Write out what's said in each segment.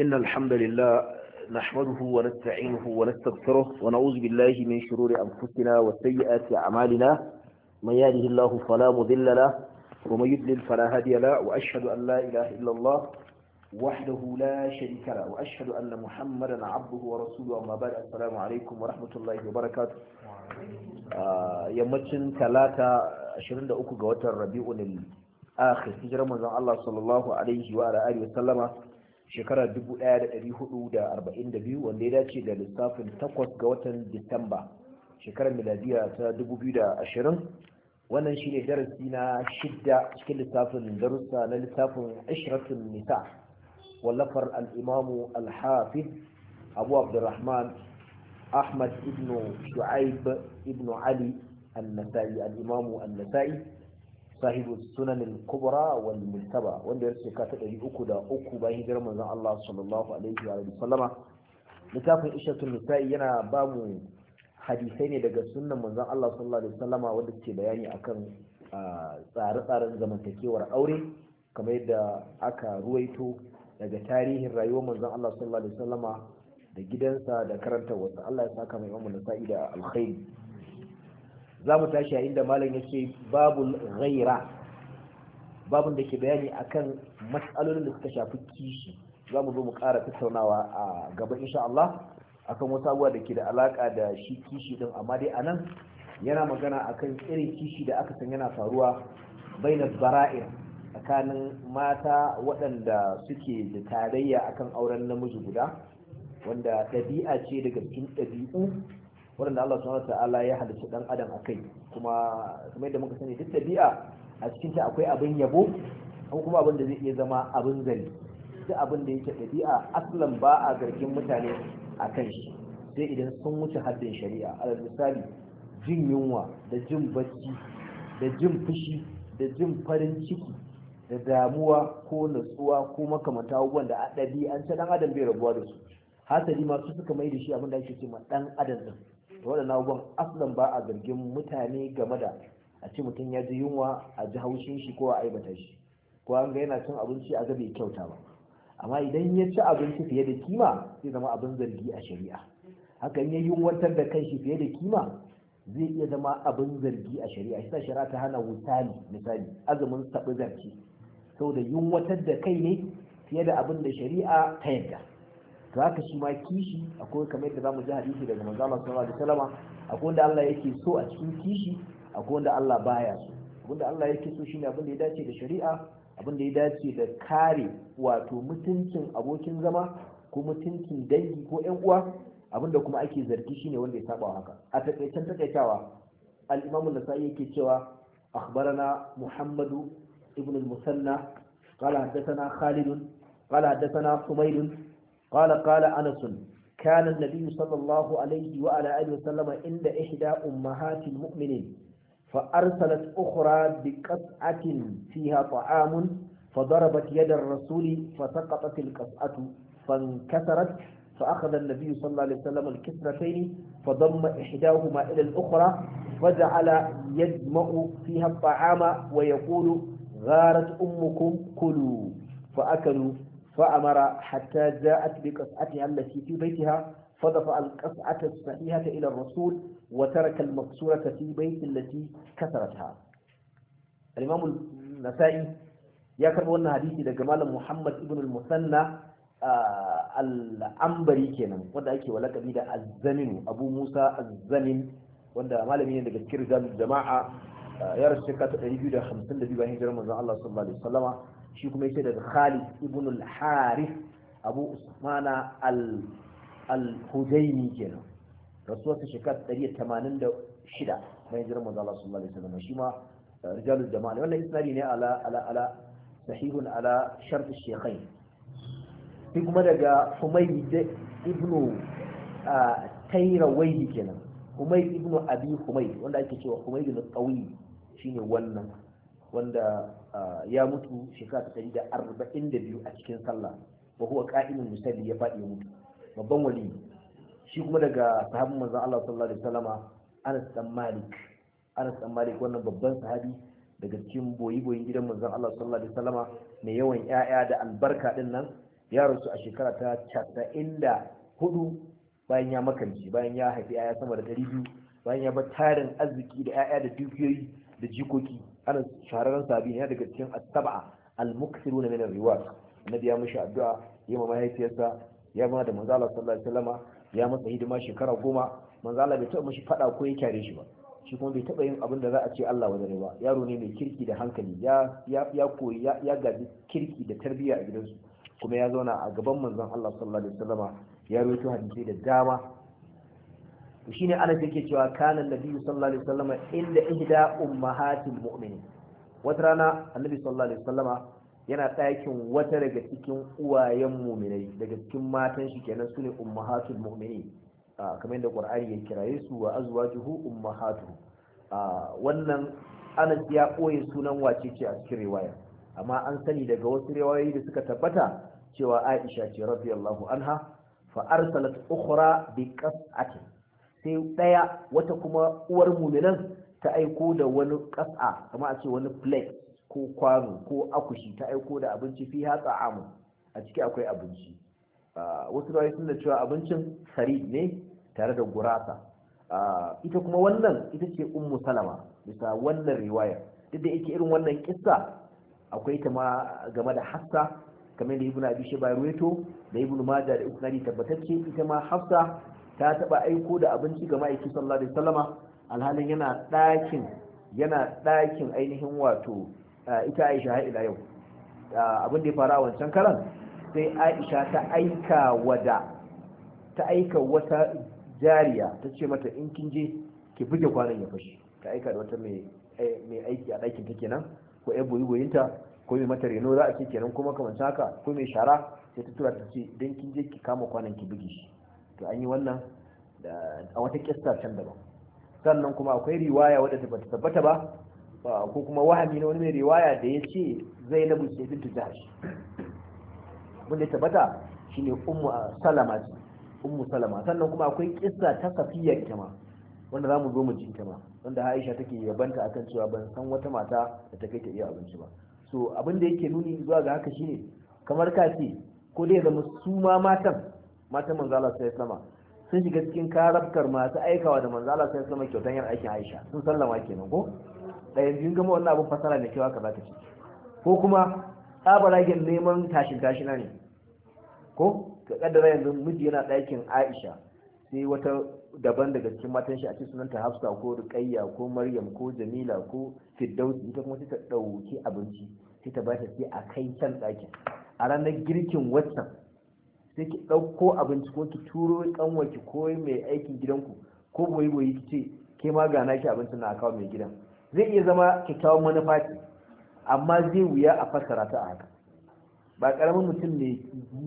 إن الحمد لله نحمده ونستعينه ونستغفره ونعوذ بالله من شرور أنفسنا وسيئات أعمالنا من يهده الله فلا مضل له ومن يضلل فلا هادي له وأشهد أن لا إله إلا الله وحده لا شريك له وأشهد أن محمدا عبده ورسوله أما بعد السلام عليكم ورحمة الله وبركاته آه يمتن ثلاثة أشهرين دقوق قوات الربيع الآخر هجرة من الله صلى الله عليه وعلى آله وسلم shekara 1442 wanda ya dace da lissafin 8 ga watan disamba shekarar miladiya ta 2020 wannan shine darasi na shidda cikin lissafin darussa na lissafin ashiratun nisa wallafar al'imamu al-hafiz abu abdurrahman ahmad ibn shu'aib ibn ali النسائي الإمام النسائي sahibu sunanin kubra wal mustaba wanda ya shekara ta ɗari uku da uku bayan hijirar manzon Allah sallallahu littafin ishatul nisa'i yana ba mu hadisai ne daga sunnan manzon Allah sallallahu wanda ke bayani akan tsare-tsaren zamantakewar aure kamar yadda aka ruwaito daga tarihin rayuwar manzon Allah sallallahu da gidansa da karanta wasu Allah ya saka mai imamu nisa'i da alkhairi za mu tashi a inda malam ya ce babu ghaira babun da ke bayani akan matsalolin da suka shafi kishi za mu zo mu ƙara tattaunawa a gaba insha Allah akan wasu abubuwa da ke da alaƙa da shi kishi din amma dai anan yana magana akan irin kishi da aka san yana faruwa baina bara'ir tsakanin mata waɗanda suke da tarayya akan auren namiji guda wanda ɗabi'a ce daga cikin ɗabi'u waɗanda Allah subhanahu ta'ala ya halicci dan adam akai kuma kamar yadda muka sani duk dabi'a a cikin ta akwai abin yabo ko kuma abin da zai iya zama abin zari duk abin da yake dabi'a aslan ba a garkin mutane akan shi sai idan sun wuce haddin shari'a alal misali jin yunwa da jin bacci da jin fushi da jin farin ciki da damuwa ko natsuwa ko makamanta abubuwan da a ɗabi'ance ɗan adam bai rabuwa da su hasali ma su suka mai da shi abin da ake ce ma ɗan adam din da waɗannan abubuwan aslan ba a zargin mutane game da a ce mutum ya ji yunwa a ji haushin shi ko a aibata shi ko an ga yana cin abinci a ga bai kyauta ba amma idan ya ci abinci fiye da kima zai zama abin zargi a shari'a hakan ya yunwatar da kanshi fiye da kima zai iya zama abin zargi a shari'a shi shari'a ta hana misali misali azumin saɓi zarci saboda yunwatar da kai ne fiye da abin da shari'a ta yadda to haka shi ma kishi akwai kamar yadda zamu ji hadisi daga manzo Allah sallallahu alaihi wasallam akwai wanda Allah yake so a cikin kishi akwai wanda Allah baya so abinda Allah yake so shine abin da ya dace da shari'a abin da ya dace da kare wato mutuncin abokin zama ko mutuncin dangi ko ƴan uwa abinda kuma ake zargi shine wanda ya saba haka a takaicen takaitawa al-Imam an-Nasa'i yake cewa akhbarana Muhammadu ibn al-Musanna قال Khalidun, خالد قال حدثنا حميد قال قال أنس كان النبي صلى الله عليه وعلى آله وسلم عند إحدى أمهات المؤمنين فأرسلت أخرى بقطعة فيها طعام فضربت يد الرسول فسقطت القطعة فانكسرت فأخذ النبي صلى الله عليه وسلم الكسرتين فضم إحداهما إلى الأخرى فجعل يجمع فيها الطعام ويقول غارت أمكم كلوا فأكلوا فأمر حتى جاءت بقصعتها التي في بيتها فدفع القصعة الصحيحة إلى الرسول وترك المقصورة في بيت التي كسرتها الإمام النسائي يكرب أن حديثي لجمال محمد ابن المثنى al'ambari kenan wanda ake walakabi da azzamin abu musa azzamin wanda malami ne daga cikin rijalul jama'a ya rasu shekara ta 252 bayan hijirar manzon Allah sallallahu alaihi wasallama shi kuma yace daga Khalid ibn al-Harith Abu Usmana al al-Hudaymi kenan rasuwar ta shekara 186 bayan jiran manzo Allah sallallahu alaihi wasallam shi ma eh, rijalul jama'a wannan isnadi ne ala ala ala sahihun ala shart ash-shaykhain sai kuma daga Humayd ibn eh, Tayrawayh kenan Humayd ibn Abi Humayd wanda ake cewa Humayd al-Qawi shine wannan wanda ya mutu shekara ta da arba'in da biyu a cikin sallah wa huwa qa'imun ya faɗi mutu babban wali shi kuma daga sahabin manzon Allah sallallahu alaihi wasallama Anas dan Malik Anas dan Malik wannan babban sahabi daga cikin boyi-boyin gidan manzon Allah sallallahu alaihi wasallama mai yawan ƴaƴa da albarka din nan ya rasu a shekara ta hudu bayan ya makance bayan ya haifi ƴaƴa sama da ɗari biyu, bayan ya bar tarin arziki da ƴaƴa da dukiyoyi da jikoki ana shahararren sabi ne daga cikin asab'a saba al-mukthiruna min ar-riwat annabi ya mishi addu'a ya ma mahaifiyarsa ya ma da manzala sallallahu alaihi wasallama ya masa hidima shekara goma manzala bai taba mishi fada ko ya kyare shi ba shi kuma bai taba yin abin da za a ce Allah wadare ba yaro ne mai kirki da hankali ya ya koyi ya gaji kirki da tarbiyya a gidansu kuma ya zauna a gaban manzon Allah sallallahu alaihi wasallama ya rawaito hadisi da dama Shin ne Anas yake cewa kana Annabi sallallahu alaihi wasallam inda ihda ummahatil mu'minin wata rana Annabi sallallahu alaihi yana ɗakin wata daga cikin uwayen mu'minai daga cikin matan shi kenan sune ummahatul mu'minin ah, kamar yadda Qur'ani ya kiraye su wa azwajuhu ummahatuhu ah, wannan Anasi ya ɓoye sunan wace ce a cikin riwaya amma an sani daga wasu riwayoyi da suka tabbata cewa Aisha ce radiyallahu anha fa arsalat ukhra bi qas'atin sai ɗaya wata kuma uwar muminan ta aiko da wani ƙasa kama a ce wani plate ko kwano ko akushi ta aiko da abinci fi hatsa amu a ciki akwai abinci wasu rayu sun da cewa abincin sari ne tare da gurasa ita kuma wannan ita ce ummu salama bisa wannan riwaya duk da yake irin wannan kissa akwai ta ma game da hafsa kamar da ibnu abi shayba ruwaito da ibnu majah da ali tabbatacce ita ma hafsa ta taba aiko da abinci ga ma'aiki sallallahu alaihi wasallama alhalin yana ɗakin yana ɗakin ainihin wato ita Aisha har ila yau abin da ya fara wancan karan sai Aisha ta aika wada ta aika wata jariya ta ce mata in kin je ki buge kwanan ya fashi ta aika da wata mai aiki a ɗakin ta kenan ko ƴan boyi-boyinta ko mai mata reno za a ce kenan kuma kamar haka ko mai shara sai ta tura ta ce don kin je ki kama kwanan ki buge shi to an yi wannan a wata kistar can daban sannan kuma akwai riwaya wadda ta bata tabbata ba ko kuma wahami na wani mai riwaya da ya ce zainabu ce bintu jahash wanda da tabbata shine ummu salama ce ummu salama sannan kuma akwai kista ta safiya ita ma wanda za mu zo mu jinta ma wanda aisha take yabanta akan cewa ban san wata mata da ta kai ta iya abinci ba so abin da yake nuni zuwa ga haka shine kamar ka ce ko dai zama su ma matan matan manzala sai sama sun shiga cikin karabkar masu aikawa da manzala sai sama kyautan yar aikin Aisha sun sallama kenan ko ɗayan biyun gama wannan abin fasara ne cewa ka za ta ci ko kuma tsabaragen neman tashin tashina ne ko ka kaddara yanzu miji yana ɗakin Aisha sai wata daban daga cikin matan shi a cikin sunanta Hafsa ko Ruqayya ko Maryam ko Jamila ko Firdausi ita kuma sai ta dauki abinci sai ta ba ta sai a kai can ɗakin a ranar girkin watan sai ki ɗauko abinci ko ki turo kanwa ki koyi mai aikin gidanku ko boye boye ki ce ke ma ga naki abincin na kawo mai gidan zai iya zama kyakkyawan manufa ce amma zai wuya a fassara ta a haka ba karamin mutum ne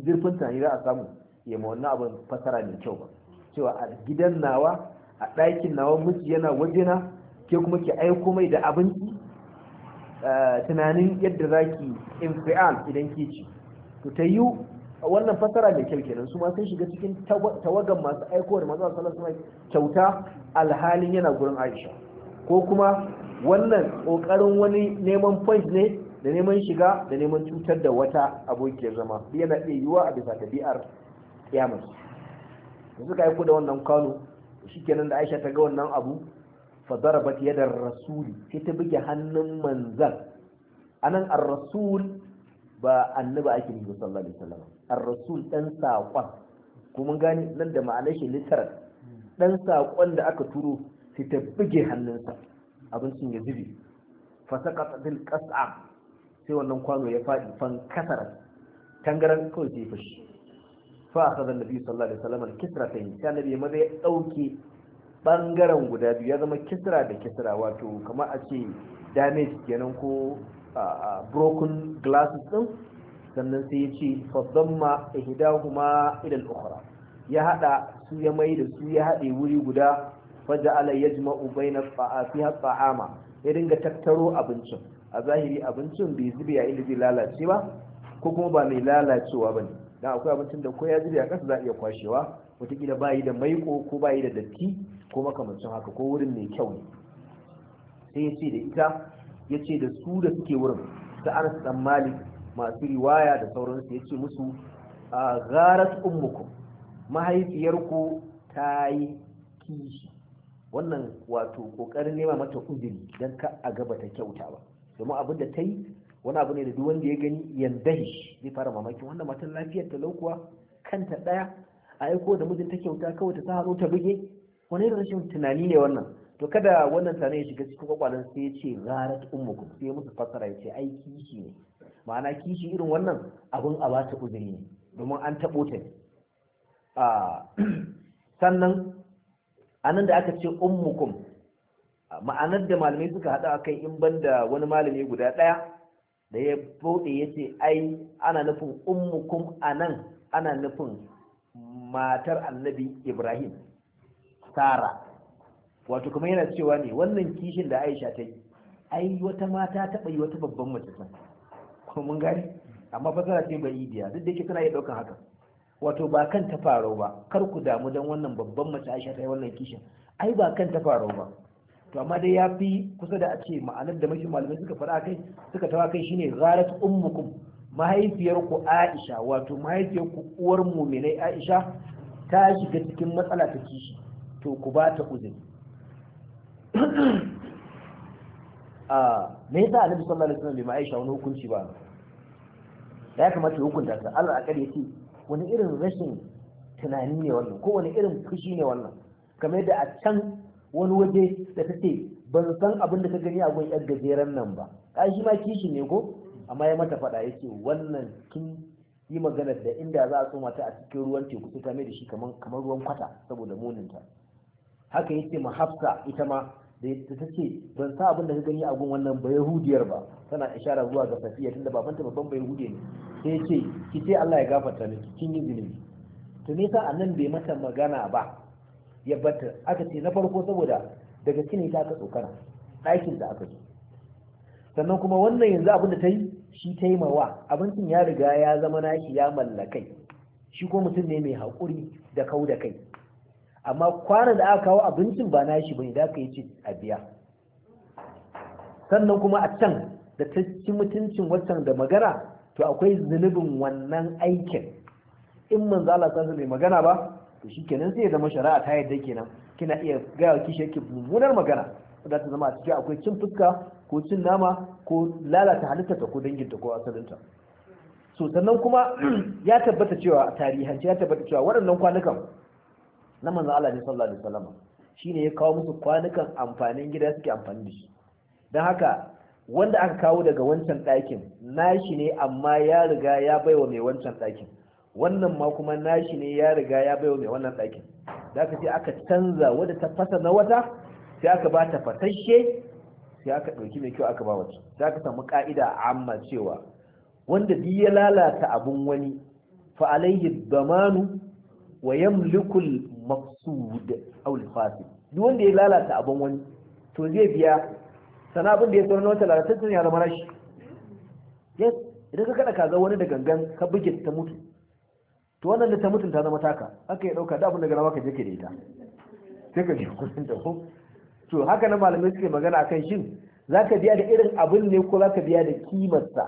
zurfin tunani za a samu ya ma wannan abin fassara mai kyau ba cewa a gidan nawa a ɗakin nawa miji yana wajena ke kuma ki aiko mai da abinci eh, tunanin yadda za ki infial idan ki ci to ta yiwu wannan fasara mai kyau kenan su ma sun shiga cikin tawagan masu aiko da asalar suna kyauta alhalin yana gurin Aisha ko kuma wannan kokarin wani neman point ne da neman shiga da neman cutar da wata abokiyar zama yana iya yiwuwa a bisa tabi'ar kiyamar yanzu suka aiko da wannan kwano shikenan da Aisha ta ga wannan abu fa bat yadar rasuli sai ta buge hannun manzan anan ar-rasul ba annaba ake nufi sallallahu alaihi wasallam ar-rasul dan saƙon kuma gani nan da ma'anar shi literal dan saƙon da aka turo sai ta buge hannunsa abincin ya zube saqata bil qas'a sai wannan kwano ya faɗi fan kasara tangaran kawai sai fashi fa akhadha an-nabi sallallahu alaihi wasallam al sai ya dauke bangaren guda biyu ya zama kisra da kisra wato kamar a ce damage kenan ko broken glasses din sannan sai ya ce fasamma ihdahuma ila al-ukhra ya hada su ya mai da su ya hade wuri guda faja'ala yajma'u bayna fa'atiha ta'ama ya dinga tattaro abincin a zahiri abincin bai zube ya inda zai lalace ba ko kuma ba mai lalacewa bane dan akwai abincin da ko ya zube a kasa za a iya kwashewa wataƙila bayi da maiko ko bayi da datti ko makamancin haka ko wurin mai kyau ne sai ya ce da ita ya ce da su da suke wurin da anas dan malik masu riwaya da sauransu ya ce musu a gharat ummukum mahaifiyarku ta yi kishi wannan wato kokarin nema mata uzuri dan ka a gaba ta kyauta ba domin abin da ta yi wani abu ne da duk wanda ya gani yandahi zai fara mamaki. wannan matan lafiyar ta laukuwa kanta daya a aiko da mijin ta kyauta kawai ta sa ta buge wani rashin tunani ne wannan to kada wannan tare ya shiga cikin kwakwalen sai ya ce gharat ummukum sai musu fassara ya ce ai kishi ne ma'ana kishi irin wannan abun a ba ta uzuri ne domin an taɓo ta ne. sannan anan da aka ce ummukum ma'anar da malamai suka haɗa a kai in banda wani malami guda ɗaya da ya bude ya ce ai ana nufin ummukum anan ana nufin matar annabi ibrahim sara wato kuma yana cewa ne wannan kishin da aisha ta yi ai wata mata taɓa yi wata babban mace san ko mun gani amma fa fasara ce bai idiya duk da yake tana iya ɗaukan haka wato ba kan ta faro ba kar ku damu don wannan babban mace aisha ta yi wannan kishin ai ba kan ta faro ba to amma dai ya fi kusa da a ce ma'anar da mashi malamai suka fara kai suka tawa kai shine gharat ummukum mahaifiyar ku aisha wato mahaifiyar ku uwar muminai aisha ta shiga cikin matsala ta kishi to ku ba ta uzuri a me yasa annabi sallallahu alaihi wasallam bai ma Aisha wani hukunci ba ya kamata hukunta ta Allah kare shi wani irin rashin tunani ne wannan ko wani irin fushi ne wannan kamar yadda a can wani waje da ta ban san abin da ka gani a gun yar gajeren nan ba kai shi ma kishi ne ko amma ya mata faɗa yace wannan kin yi magana da inda za a tsoma ta a cikin ruwan teku sai ta mai da shi kamar ruwan kwata saboda muninta haka yace ma hafsa ita ma da ta ce ban sa abin da ka gani a gun wannan ba yahudiyar ba tana ishara zuwa ga safiya tunda babanta babban ba yahudiyar ne sai ce ki ce Allah ya gafarta ni? kin yi zunubi to me yasa annan bai mata magana ba ya bata aka ce na farko saboda daga kine ta ka tsokana ɗakin da aka zo sannan kuma wannan yanzu abin da ta yi shi ta mawa abincin ya riga ya zama naki ya mallakai shi ko mutum ne mai haƙuri da kau da kai amma kwana da aka kawo abincin ba na shi bane da aka yi ci a biya sannan kuma a can da ta ci mutuncin watan da magana to akwai zunubin wannan aikin in za Allah sa mai magana ba to shikenan sai ya zama shari'a ta yadda kenan kina iya ga wa kishi yake mummunar magana da ta zama a cikin akwai cin fuska ko cin nama ko lalata halitta ta ko dangin ta ko asalinta so sannan kuma ya tabbata cewa a tarihance ya tabbata cewa waɗannan kwanukan na manzo Allah ne sallallahu alaihi wasallam shine ya kawo musu kwanukan amfanin gida suke amfani da shi dan haka wanda aka kawo daga wancan ɗakin nashi ne amma ya riga ya baiwa mai wancan ɗakin wannan ma kuma nashi ne ya riga ya baiwa mai wannan ɗakin da aka ce aka canza wadda ta fasa na wata sai aka ba ta fasashe sai aka ɗauki mai kyau aka ba wata sai aka samu ka'ida amma cewa wanda bi ya lalata abun wani fa alaihi damanu wa yamlikul maqsud aw al-fasid duk wanda ya lalata abin wani to zai biya sana abin da ya sauna wata lalatattun ya zama rashi yes idan ka kada kaza wani da gangan ka buge ta mutu to wannan da ta mutun ta zama taka haka ya dauka da abin da garawa ka je ke da ita sai ka je kusin da ko to haka na malamai suke magana akan shin zaka biya da irin abin ne ko zaka biya da kimarsa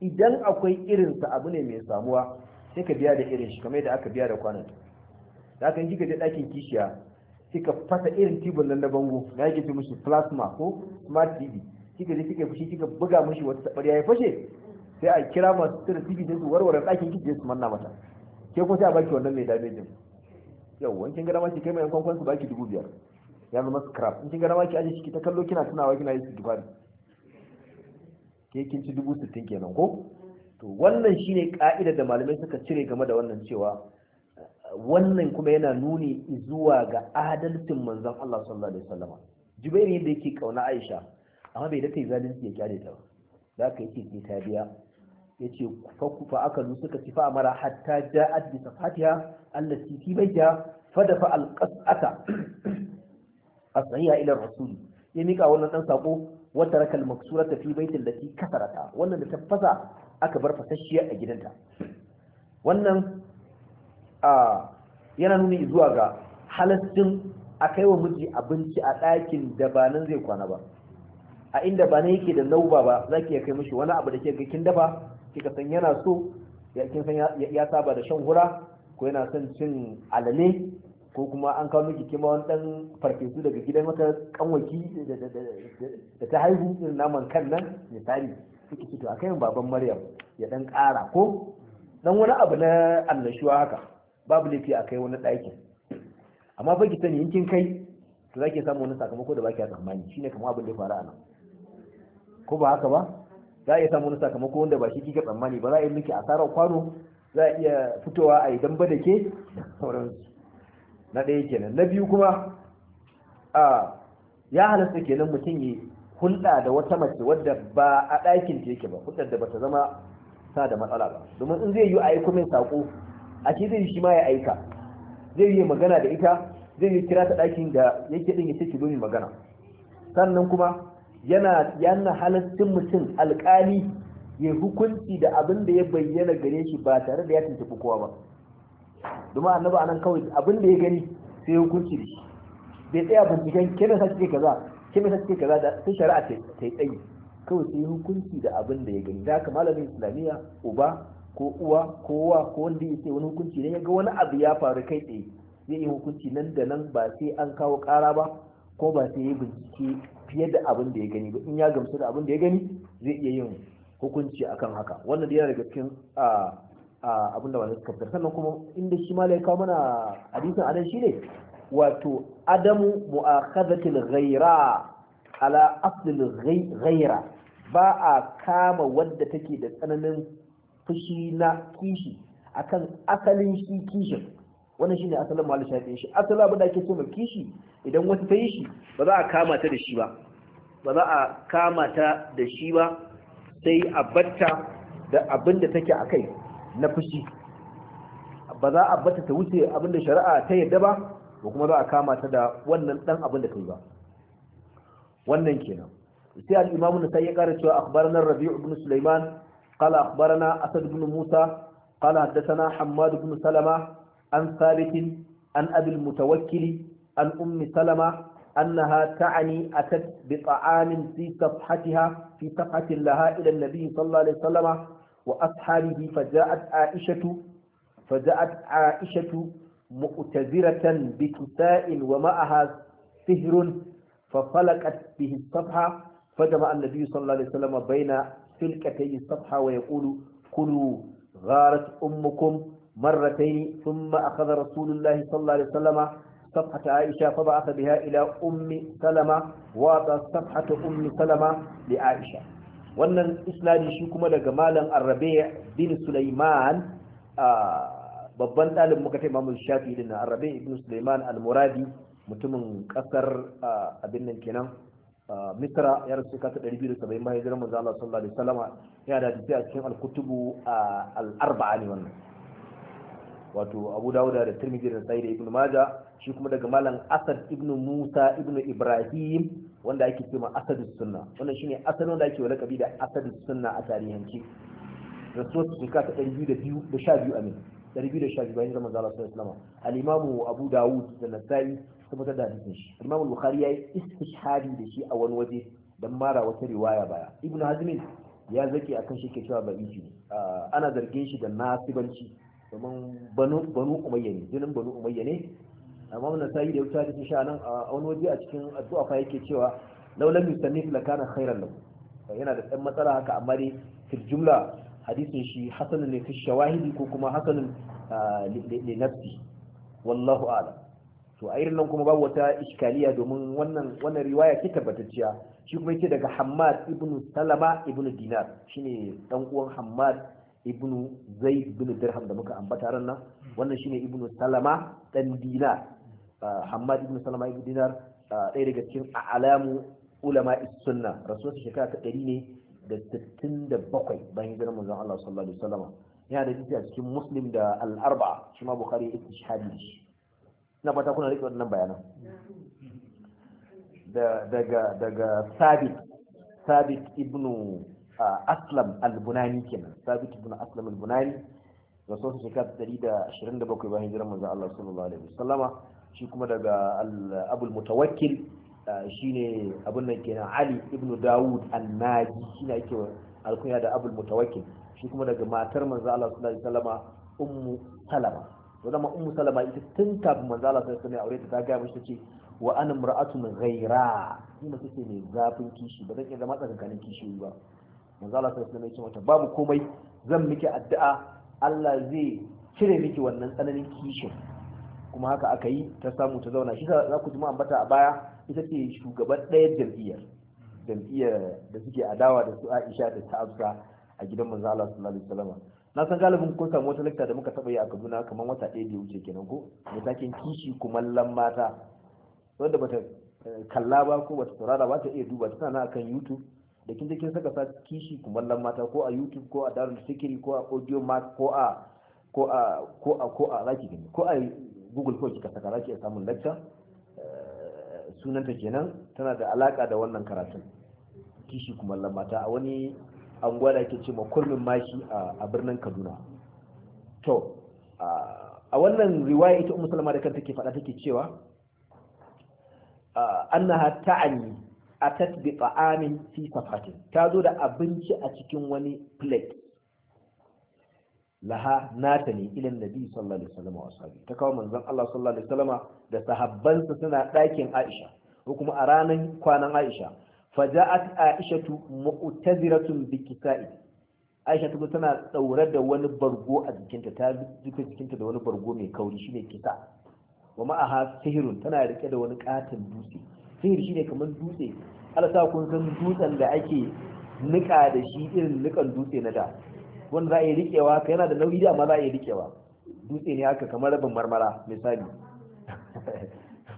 idan akwai irinsa abu ne mai samuwa sai ka biya da irin shi kamar yadda aka biya da kwanan da yi kika je ɗakin kishiya kika fasa irin tibin nan na bango na yake fi mishi plasma ko smart tv kika je kika fushi kika buga mishi wata tabariya ya fashe sai a kira masu tsira tv sai su warware ɗakin kishiya su manna mata ke ko sai a baki wannan mai damejin yau wankin gada ma ki kai mai yan kwankwan su baki dubu biyar ya zama scrap in kin gada ma ki aje shi ta kallo kina tunawa kina yi su gifari ke kin ci dubu sittin kenan ko to wannan shine ka'ida da malamai suka cire game da wannan cewa wannan kuma yana nuni zuwa ga adalcin manzon Allah sallallahu alaihi wasallam Jubair yadda yake kauna Aisha amma bai dafe zalunci ya kyale ta ba da aka yake ce ta biya yace fa kufa aka nu suka ci fa amara hatta ta bi Allah allati fi bayya fa dafa alqas'ata asriya ila rasul ya mika wannan dan sako Wata taraka almaksurata fi baitin lati kasarata wannan da ta fasa aka bar fasashiya a gidanta wannan yana nuni zuwa ga halastin a kai wa miji abinci a ɗakin da ba nan zai kwana ba a inda ba na yake da nauba ba za ki iya kai mashi wani abu da ke kin dafa kika san yana so ya san ya saba da shan hura ko yana son cin alale ko kuma an kawo miki kima wani dan farfesu daga gidan wata kanwaki da ta haihu irin naman kan nan misali kike ce to akai baban Maryam ya dan ƙara ko dan wani abu na annashuwa haka babu laifi a kai wani ɗakin amma baki sani yankin kai to zaki samu wani sakamako da baki a tsammani shine kamar abin da ya faru a nan ko ba haka ba za a iya samu wani sakamako wanda ba shi kika tsammani ba za a yi miki asarar kwano za a iya fitowa a yi ba da ke sauransu na ɗaya kenan na biyu kuma a ya halasta kenan mutum yi hulɗa da wata mace wadda ba a ɗakin ta yake ba hulɗar da bata zama sa da matsala ba domin in zai yi a yi kuma saƙo a ce zai shi ma ya aika zai yi magana da ita zai yi kira ta ɗakin da yake ɗin ya ce ki domin magana sannan kuma yana yana halattun mutum alƙali ya hukunci da abin da ya bayyana gare shi ba tare da ya tuntuɓi kowa ba domin annaba anan kawai abin da ya gani sai ya hukunci shi bai tsaya binciken kina sa kike kaza kike kaza da sai shari'a ta yi kawai sai hukunci da abin da ya gani da haka malamin islamiyya uba ko uwa ko wa ko wanda yake wani hukunci ne ya ga wani abu ya faru kai tsaye zai yi hukunci nan da nan ba sai an kawo kara ba ko ba sai ya bincike fiye da abin da ya gani ba in ya gamsu da abin da ya gani zai iya yin hukunci akan haka wannan yana daga cikin abin da ba zai kafa sannan kuma inda shi malai kawo mana hadisin anan shi ne wato adamu mu'akhadatil ghaira ala aslil ghaira ba a kama wadda take da tsananin fushi na kishi akan asalin shi kishin wannan shine asalin malu shafi shi asalin abin da ake mai kishi idan wata ta yi shi ba za a kama ta da shi ba ba za a kama ta da shi ba sai a batta da abin da take a kai na fushi ba za a batta ta wuce abin da shari'a ta yadda ba ba kuma za a kama ta da wannan dan abin da ta yi ba wannan kenan sai al-imamu nasai ya kara cewa akhbarana rabi'u ibn sulaiman قال أخبرنا أسد بن موسى قال حدثنا حماد بن سلمة عن ثابت عن أبي المتوكل عن أم سلمة أنها تعني أتت بطعام في صفحتها في صفحة لها إلى النبي صلى الله عليه وسلم وأصحابه فجاءت عائشة فجاءت عائشة مؤتذرة بكساء ومعها سهر ففلقت به الصفحة فجمع النبي صلى الله عليه وسلم بين filkatayn sabha wa yaqulu kulu gharat ummukum مرتين ثم أخذ رسول الله صلى الله عليه وسلم صفحة عائشة فبعث بها إلى أم سلمة وأعطى صفحة أم سلمة لعائشة wannan isnadi shi kuma daga malam arrabe bin sulaiman babban ɗalin muka ta imamu shafi din na bin suleiman al-muradi mutumin ƙasar abin nan kenan mitra ya rasu kasa 270 bayan hijirar manzo Allah sallallahu alaihi wasallama yana da hadisi a cikin al-kutubu al-arba'a ne wannan wato Abu Dawud da Tirmidhi da Sahih da Ibn Majah shi kuma daga malam Asad ibn Musa ibn Ibrahim wanda ake cewa Asadus Sunna wannan shine asalin wanda ake walakabi da Asadus Sunna a tarihanci rasuwar su kasa 212 amin 212 bayan hijirar manzo Allah sallallahu alaihi wasallama al Alimamu Abu Dawud da Nasa'i suka fitar da hadisin shi imam al-bukhari yayi istishhadi da shi a wani waje dan mara wata riwaya baya ibnu hazmin ya zake akan shi ke cewa ba iji ana zargin shi da nasibanci domin banu banu umayya ne jinin banu umayya ne amma wannan sai da wuta da shi nan a wani waje a cikin addu'a fa yake cewa law lam yusannif la kana khairan lahu yana da dan matsala haka amma dai fil jumla hadisin shi hasanun ne fi shawahidi ko kuma hasanun li nafsi wallahu a'lam to a irin nan kuma babu wata iskaliya domin wannan wannan riwaya ce tabbatacciya shi kuma yake daga Hammad ibn Salama ibn Dinar shine dan uwan Hammad ibn Zaid ibn Dirham da muka ambata ran nan wannan shine ibn Salama dan Dinar Hammad ibn Salama ibn Dinar ɗaya daga cikin alamu ulama sunna rasulullah shekara ta 100 ne da 67 bayan hijirar manzon Allah sallallahu alaihi wasallam yana da a cikin Muslim da al-Arba'a shi ma Bukhari ibn na fata kuna rike waɗannan bayanan daga daga sabit sabit ibnu aslam al-bunani kenan sabit ibnu aslam al-bunani rasul shekara 127 bayan jiran manzon Allah sallallahu alaihi wasallama shi kuma daga abul mutawakkil shine abun nan kenan ali ibnu daud al-naji shine ake alkunya da abul mutawakkil shi kuma daga matar manzon Allah sallallahu alaihi wasallama ummu salama to zama ummu salama ita tun kafin manzo Allah sai aure ta ta gaya mishi tace wa ana mar'atun ghaira ni mace ce mai zafin kishi ba zan iya zama tsakankanin kishi ba manzo Allah sai alaihi babu komai zan miki addu'a Allah zai cire miki wannan tsananin kishin kuma haka aka yi ta samu ta zauna shi za ku ji mu ambata a baya ita ce shugaban ɗayar jam'iyyar jam'iyyar da suke adawa da su Aisha da ta a gidan manzo Allah sallallahu alaihi wasallam na san galibin kun samu wata lakta da muka taɓa yi a kaduna kamar wata ɗaya da wuce kenan ko mai kishi kumallon mata wanda bata eh, kalla ba ko bata saurara ba ta iya duba tana sana akan youtube da kin je kin saka sa kishi kumallon mata ko a youtube ko a darul sikiri ko a audio mark ko a ko a ko a ko a zaki gani ko a google ko kika saka zaki samun lakta eh, sunanta kenan tana da alaka da wannan karatun kishi kumallon mata a wani an gwada ke ce ma mashi a birnin kaduna to a wannan riwaya ita ummu salama da kanta ke faɗa take cewa annaha ta'ani atat bi ta'amin fi safatin ta zo da abinci a cikin wani plate laha nata ne da nabi sallallahu alaihi wasallam wa sahabi ta kawo manzon Allah sallallahu alaihi wasallama da sahabbansa suna ɗakin Aisha ko kuma a ranar kwanan Aisha faja'at aishatu mu'taziratun بكساء kisa'i aisha ta tana daure da wani bargo a jikinta ta jika jikinta da wani bargo mai kauri shine kisa wa ma'aha sihirun tana rike da wani katin dutse sihir shine kamar dutse alasa kun san dutsen da ake nika da shi irin nikan dutse na da wanda za a yi yana da nauyi amma a yi dutse ne haka kamar rabin marmara misali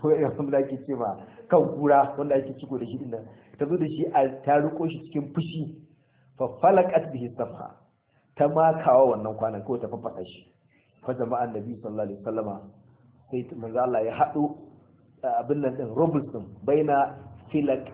wanda ake ce kan kura wanda ake ciko da shi din nan ta zo da shi a ta shi cikin fushi fa falaqat bihi safha ta makawa wannan kwanan kawai ta fafasa shi fa jama'an nabi sallallahu alaihi wasallama sai manzo Allah ya hado abin nan din rubul din baina filak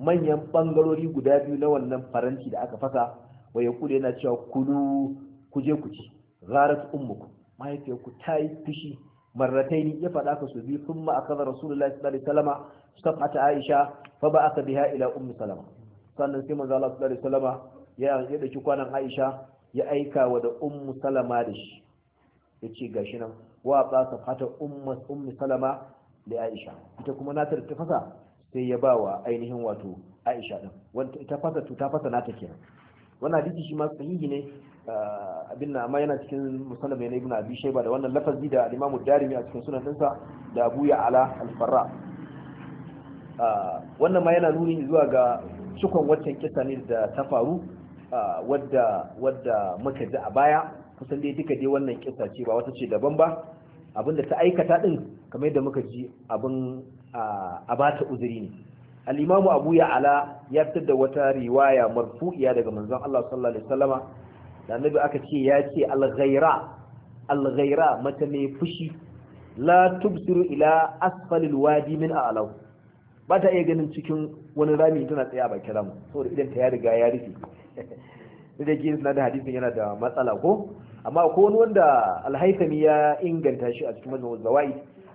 manyan bangarori guda biyu na wannan faranti da aka fasa wai ya kula yana cewa kulu ku je ku ci gharat ummukum mahaifiyarku ta yi fushi marrataini ya faɗa ka su biyu sun ma aka rasulullahi sallallahu alaihi wasallama safata Aisha fa ba aka biha ila ummu Salama sannan sai manzo Allah sallallahu alaihi wasallama ya ya dauki kwanan Aisha ya aika wa da ummu Salama da shi yace gashi nan wa ba safata ummu ummu Salama da Aisha ita kuma na ta fasa sai ya bawa ainihin wato Aisha din wanda ita fasa to ta fasa nata kenan wannan hadisi shi ma sahihi ne ah, abin na amma yana cikin musannaf ne ibn abi shayba da wannan lafazi da al-imamu darimi a cikin sunan dinsa da abu ya ala al-farra wannan ma yana nuni zuwa ga cikon waccan kisa ne da ta faru wadda muka ji a baya kusan dai duka dai wannan kisa ce ba wata ce daban ba abinda ta aikata din kamar yadda muka ji abin a bata uzuri ne Alimamu Abu ya ala ya fitar da wata riwaya marfu'iya daga manzon Allah sallallahu alaihi wasallama da annabi aka ce ya ce al mata mai fushi la tubsiru ila asfalil wadi min a'lau ba ta iya ganin cikin wani rami tana tsaye a bakin ramu saboda idan ta ya riga ya rufe da ke da hadisin yana da matsala ko amma ko wani wanda Alhaifami ya inganta shi a cikin mazmun zawai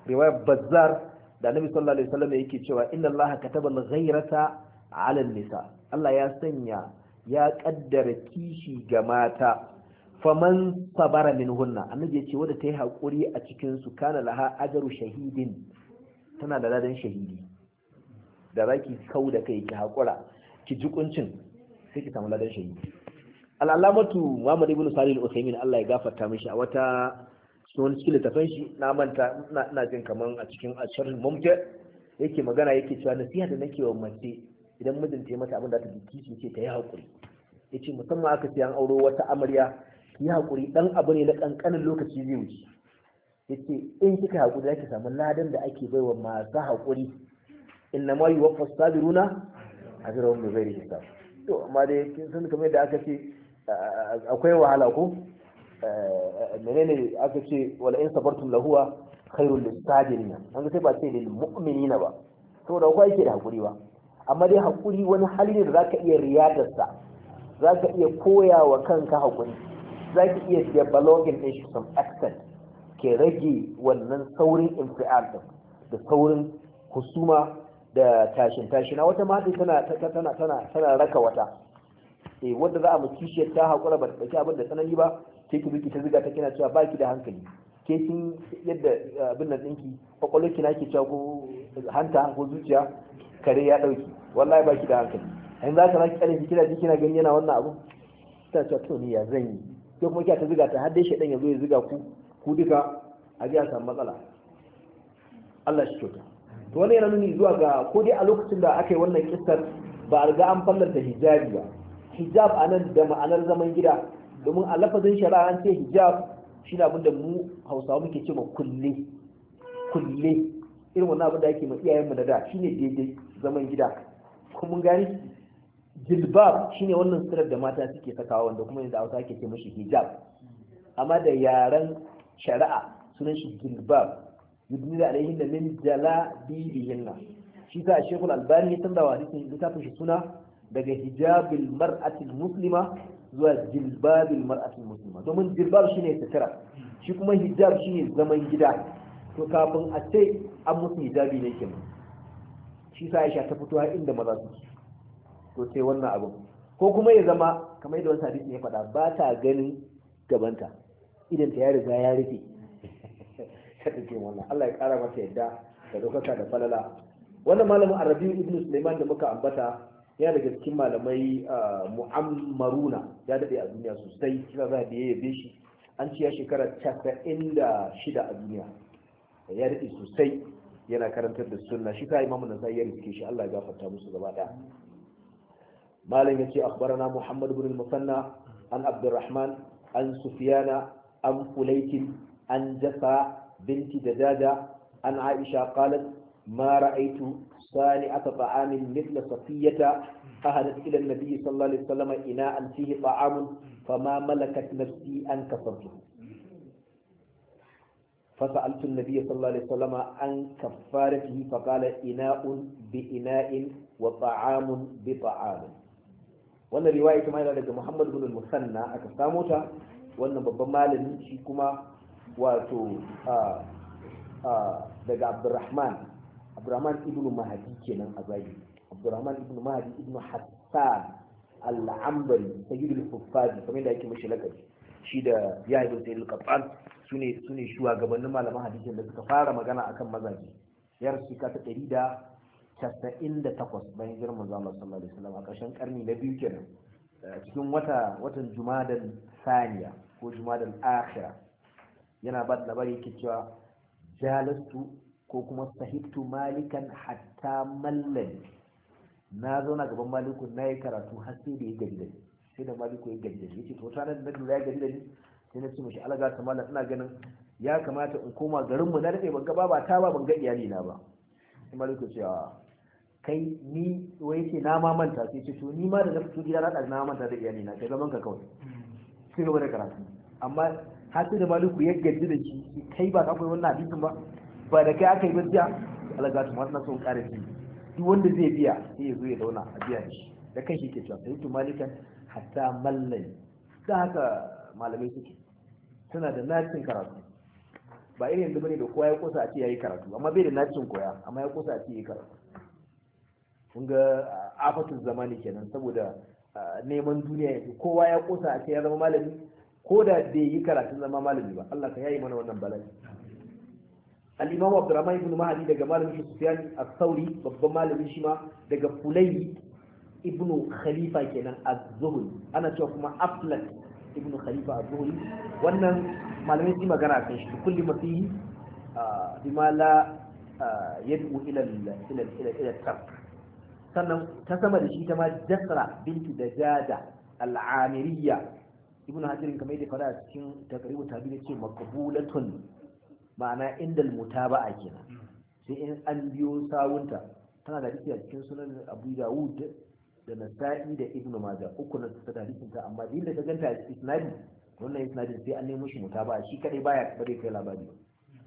riwaya bazzar da Nabi sallallahu alaihi wasallam yake cewa inna allaha kataba al-ghayrata ala nisa Allah ya sanya ya kaddara kishi ga mata faman sabara hunna annabi ce wanda ta yi hakuri a cikin su kana laha ajru shahidin tana da ladan shahidi da za ki kau da kai ki haƙura ki ji kuncin sai ki samu ladan shayi al'alamatu muhammad ibn salih al Allah ya gafarta mishi a wata sunan cikin littafin shi na manta ina jin kaman a cikin ashar mumke yake magana yake cewa nasiha da nake wa mace idan mijinta ya mata abin da ta ji kishi ce ta yi haƙuri yace musamman aka ce an auro wata amarya ki yi haƙuri dan abu ne na kankanin lokaci zai wuce yace in kika haƙuri ki samu ladan da ake baiwa masu haƙuri innama yuwaffa sabiruna ajrahum bi ghairi hisab to amma dai kin san kamar yadda aka ce akwai wahala ko menene aka ce wala in sabartum lahuwa khairul lisabirin an ga sai ba sai lil mu'minina ba saboda akwai yake da hakuri ba amma dai hakuri wani hali ne da zaka iya riyadarsa zaka iya koya wa kanka hakuri zaka iya developing din shi accent ke rage wannan saurin infial din da saurin husuma da tashin tashina wata mata tana tana tana tana raka wata eh wanda za a mu kishiyar ta hakura ba ta dauki abin da tsanani ba sai ki biki ta ziga ta kina cewa baki da hankali ke kin yadda eh, abin nan dinki kwakwalwar ki nake cewa ko hanta ko zuciya kare ya dauki wallahi baki da hankali in za ka naki kalin kina ji kina gani yana wannan abu ta cewa to ni ya zan yi ko kuma kika ta ziga ta har dai shedan ya zo ya ziga ku ku duka a ji a samu matsala Allah shi kyauta to wani yana nuni zuwa ga ko dai a lokacin da aka yi wannan kistar ba a riga an fallanta hijabi ba hijab a nan da ma'anar zaman gida domin a lafazin shari'a an ce hijab shi na abin da mu hausawa muke ce ma kulle kulle irin wannan abin da ake ma iyayenmu na da shi ne daidai zaman gida kuma mun gani jilbab ne wannan sirar da mata suke sakawa wanda kuma yanzu hausa ake ce mashi hijab amma da yaren shari'a sunan shi jilbab yudnina alaihinna min jalabibihinna shi ta shekul albani ya canza wa hadisin littafin shi suna daga hijabin mar'atin muslima zuwa jilbabin mar'atin muslima domin jilbab ne sakara, shi kuma hijab shi ne zaman gida to kafin a ce an musu hijabi ne kenan shi sa Aisha ta fito har inda maza su to sai wannan abin ko kuma ya zama kamar yadda wani hadisi ya faɗa ba ta ganin gabanta idan ta ya riga ya rufe ta take wannan Allah ya kara mata yadda da dokaka da falala wannan malamin arabi ibn suleiman da muka ambata ya daga cikin malamai ah, mu'ammaruna ya dade a duniya sosai kira za da be shi an ci ya shekara 96 a duniya ya dade sosai yana karantar da sunna shi ka imamu nasai ya riske shi Allah ya gafarta musu gaba daya malam yace akhbarana muhammad ibn al-musanna an abdurrahman an sufyana an fulaykin an jafa بنت دزادة عن عائشة قالت ما رأيت صانعة طعام مثل صفية أهدت إلى النبي صلى الله عليه وسلم إناء فيه طعام فما ملكت نفسي أن كفرته فسألت النبي صلى الله عليه وسلم عن كفارته فقال إناء بإناء وطعام بطعام wannan رواية ما ma محمد بن المثنى ibn al-Musanna aka samo wato daga abdurrahman abdurrahman ibn mahadi kenan a zagi. abdurrahman ibn mahadi ibn hassan al'ambari sayyidul huffadi kamar da ake mashi lakabi shi da ya haifin sayyidul kafan su ne su ne shugabannin malaman hadisi da suka fara magana akan mazaje yar shika ta ɗari da casa'in da takwas bayan girman zama sallallahu alaihi wasallam a ƙarshen ƙarni na biyu kenan cikin wata watan jumadan saniya ko jumadan akhira yana ba da labari yake cewa jalastu ko kuma sahibtu malikan hatta mallan na zauna gaban maliku na yi karatu har sai da ya gari da sai da maliku ya gari da ni to ta nan da ya gari da ni sai na ce mishi alaga ta mallan ina ganin ya kamata in koma garin mu na dade ban ga ba ta ba ban ga iyali na ba sai maliku ce a kai ni wai ce na ma manta sai ce to ni ma da na fito gida na na manta da iyali na kai zaman ka kawai sai gaba da karatu amma hasu da maliku ya gaji da shi kai ba kafin wannan abincin ba ba da kai aka yi ba alagatu masu na son ƙara ji duk wanda zai biya sai ya zo ya zauna a biya shi da kan shi ke cewa sai tu malikan hatta mallai da haka malamai suke suna da nacin karatu ba irin yanzu bane da kowa ya kosa a ce yayi karatu amma bai da nacin koya amma ya kosa a ce yayi karatu kun ga afatun zamani kenan saboda neman duniya yanzu kowa ya kosa a ce ya zama malami ko da bai yi karatun zama malami ba Allah ka yayi mana wannan bala'i al-imam Abdurrahman ibn Mahdi daga malamin shi Sufyan al-Thawri babban malamin shi ma daga Fulai ibn Khalifa kenan az-Zuhri ana cewa kuma Aflat ibn Khalifa az-Zuhri wannan malamin shi magana kan shi kulli masihi bima la yad'u ila ila ila ila sannan ta sama da shi ta ma Jasra bintu Dajada al-Amiriyya ibn hajar kamar yadda fara cikin takaribu tabi ne ce ma'ana indal mutaba'a kenan sai in an biyo sawunta tana da hadisi a cikin sunan abu dawud da nasa'i da ibn majah uku na suka hadisin ta amma din da ka ganta isnadi wannan isnadi sai an nemo shi mutaba'a shi kadai baya bare kai labari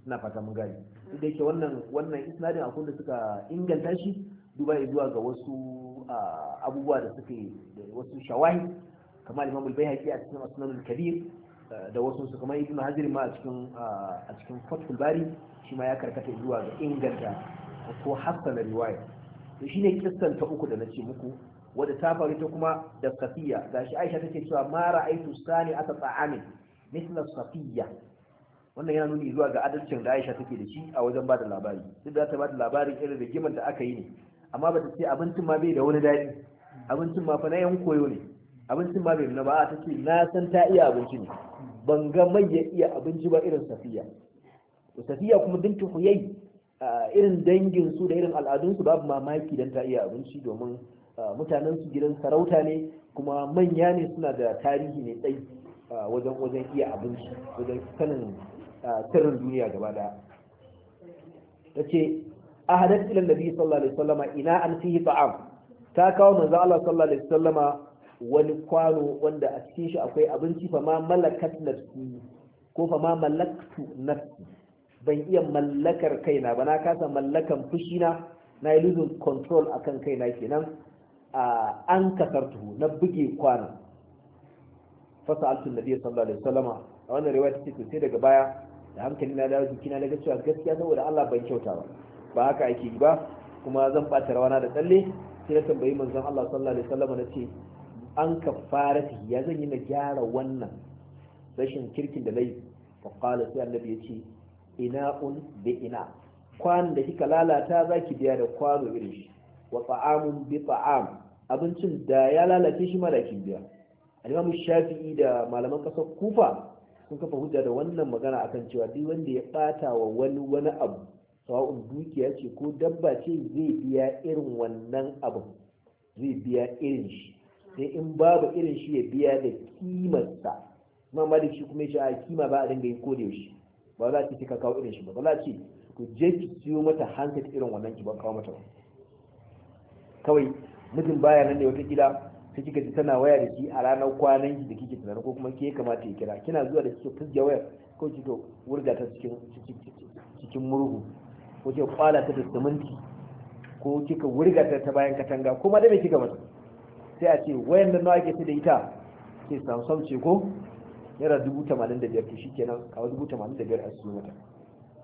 ina fata mun gani duk da yake wannan wannan isnadin akwai da suka inganta shi duba zuwa ga wasu ah, abubuwa da suke wasu shawahi kamar Imam al-Baihaqi a cikin Asnan al-Kabir da wasu su kamar Ibn Hazir ma a cikin a cikin Fathul Bari shi ma ya karkata zuwa ga inganta ko hasana riwaya to shine kissan ta uku da nace muku wadda ta faru ta kuma da safiya gashi Aisha take cewa ma ra'aitu sani aka ta'amin mithla safiya wannan yana nuni zuwa ga adalcin da Aisha take da shi a wajen bada labari duk da ta bada labarin irin rigimar da aka yi ne amma ba ta ce abincin ma bai da wani daɗi abincin ma fa na yan koyo ne abincin ma bai nuna ba ta ce na san ta iya abinci ne ban ga mai ya iya abinci ba irin safiya to safiya kuma bintu huyai irin dangin su da irin al'adun su babu mamaki dan ta iya abinci domin mutanen su gidan sarauta ne kuma manya ne suna da tarihi ne tsayi wajen wajen iya abinci wajen sanin sirrin duniya gaba da ta a hadar ahadat da biyu sallallahu alaihi wasallama ina an fihi ta'am ta kawo manzo Allah sallallahu alaihi wasallama wani kwano wanda a cikin shi akwai abinci fa ma malakat nafsi ko fa ma malaktu nafsi ban iya mallakar kaina ba na kasa mallakan fushi na yi losing control akan kaina kenan an kasartu na buge kwano fasa altun nabi sallallahu alaihi wasallama a wannan riwaya ta ce sai daga baya da hankali na dawo jikina na ga cewa gaskiya saboda Allah ban kyauta ba ba haka ake yi ba kuma zan bata rawana da tsalle sai na tambayi manzon Allah sallallahu alaihi wasallama na ce an kafarati ya zan yi na gyara wannan rashin kirkin da laifi fa qala sai annabi Ina ina'un bi ina kwan da kika lalata zaki biya da kwano irin shi wa ta'amun bi ta'am abincin da ya lalace shi mara kin biya alimamu shafi'i da malaman kasar kufa sun kafa hujja da wannan magana akan cewa duk wanda ya bata wa wani wani abu sawa'un dukiya ce ko dabba ce zai biya irin wannan abu zai biya irin shi sai in babu irin shi ya biya da kimarsa ma da shi kuma ya a kima ba a dinga yin ko da yaushe ba za ki ce kawo irin shi ba ba za ki ce ku je ki siyo mata ta irin wannan ki ba kawo mata ba kawai mutum baya nan ne kila sai kika ji tana waya da shi a ranar kwanan ki da kike tunanin ko kuma ke kamata ya kira kina zuwa da kike fizge wayar ko kika wurga ta cikin cikin murhu ko kika kwala ta da siminti ko kika wurga ta bayan katanga kuma da me kika mata sai a ce wayan nan nawa ake sai da ita ke samson ce ko naira dubu tamanin da biyar to shikenan kawo dubu tamanin da biyar a siyo mata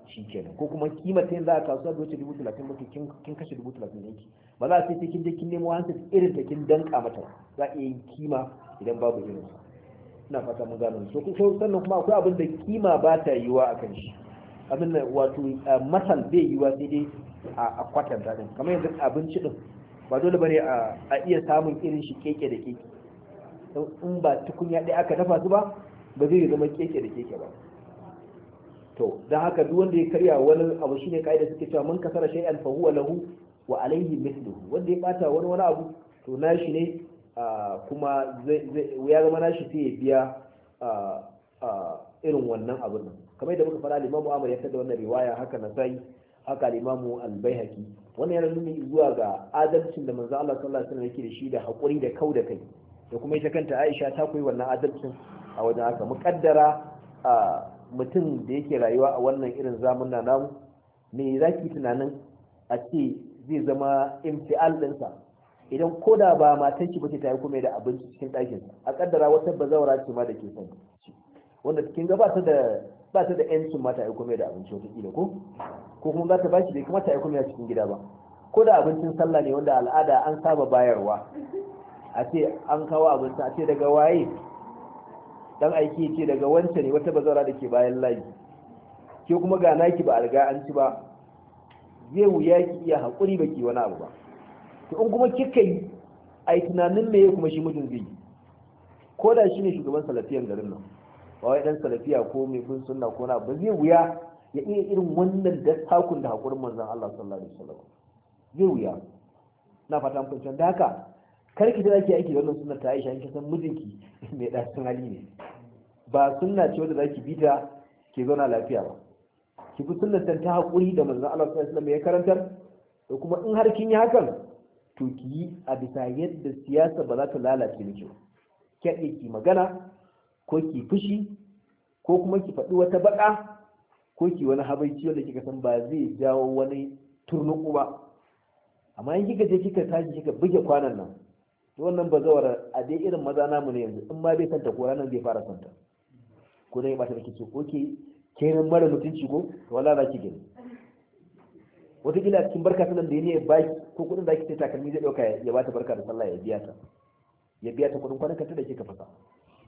shikenan ko kuma kima yin za a kasuwa da wuce dubu talatin mata kin kashe dubu talatin ba za a sai cikin jikin kin nemo hansu irin ta kin danka mata za a iya yin kima idan babu irin su ina fata mun gano so sannan kuma akwai abin da kima ba ta yiwa a kan shi abin da wato eh, masal bai yiwa sai dai a kwatanta din kamar yanzu abinci din ba dole bane a iya samun irin shi keke da keke don in ba tukunya ɗaya aka dafa su ba ba zai zama keke da keke ba to don haka duk wanda ya karya wani abu shi ne kaida suke cewa mun kasara shai fa huwa lahu wa alaihi mithluhu wanda ya bata wani wani abu to nashi ne kuma ya zama nashi sai ya biya irin wannan abin nan kamar yadda muka fara limamu amur ya da wannan riwaya haka na sai haka limamu albayhaqi wannan yana nuni zuwa ga adalcin da manzo Allah sallallahu alaihi wasallam yake da shi da hakuri da kau da kai da kuma ita kanta Aisha ta koyi wannan adalcin a wajen haka muƙaddara mutum da yake rayuwa a wannan irin zamanin namu me zaki tunanin a ce zai zama imti'al ɗinsa idan ko da ba matan ki bace ta yi kuma da abinci cikin ɗakin a kaddara wata bazawara ce ma da ke son wanda cikin gabata da ba ta da yancin mata ya kuma da abinci wata wataƙila ko ko kuma za ta ba shi bai kamata aiko kuma a cikin gida ba ko da abincin sallah ne wanda al'ada an saba bayarwa a ce an kawo abinci a ce daga waye dan aiki ce daga wancan ne wata bazara da ke bayan layi ke kuma ga naki ba alga an ci ba zai wuya ki iya haƙuri ba ki wani abu ba to in kuma kika yi a yi tunanin me kuma shi mutum zai yi ko da shi ne shugaban salafiyan garin nan ba wai dan salafiya ko mai bin sunna ko na ba zai wuya ya iya irin wannan da takun da hakurin manzon Allah sallallahu alaihi wasallam zai wuya na fata mun fahimta haka kar ki zaki aiki wannan sunnar ta Aisha in san mijinki mai dasin hali ne ba sunna ce wanda zaki bi ta ki zauna lafiya ba ki bi sunnar ta hakuri da manzon Allah sallallahu alaihi wasallam ya karantar da kuma in har kin yi hakan to ki yi a bisa yadda siyasa ba za ta lalace miki ba ki magana ko ki fushi ko kuma ki faɗi wata baƙa ko ki wani habaici wanda kika san ba zai jawo wani turnuku ba amma in kika je kika tashi kika buge kwanan nan to wannan bazawara a dai irin maza namu ne yanzu in ma bai santa ko ranar bai fara santa ko dai ba ta kike ko ke kenan mara mutunci ko to wala za ki gani wataƙila cikin barka nan da ya ba ko kudin da kike takalmi zai dauka ya ba ta barka da sallah ya biya ta ya biya ta kuɗin kwana ta da kika fasa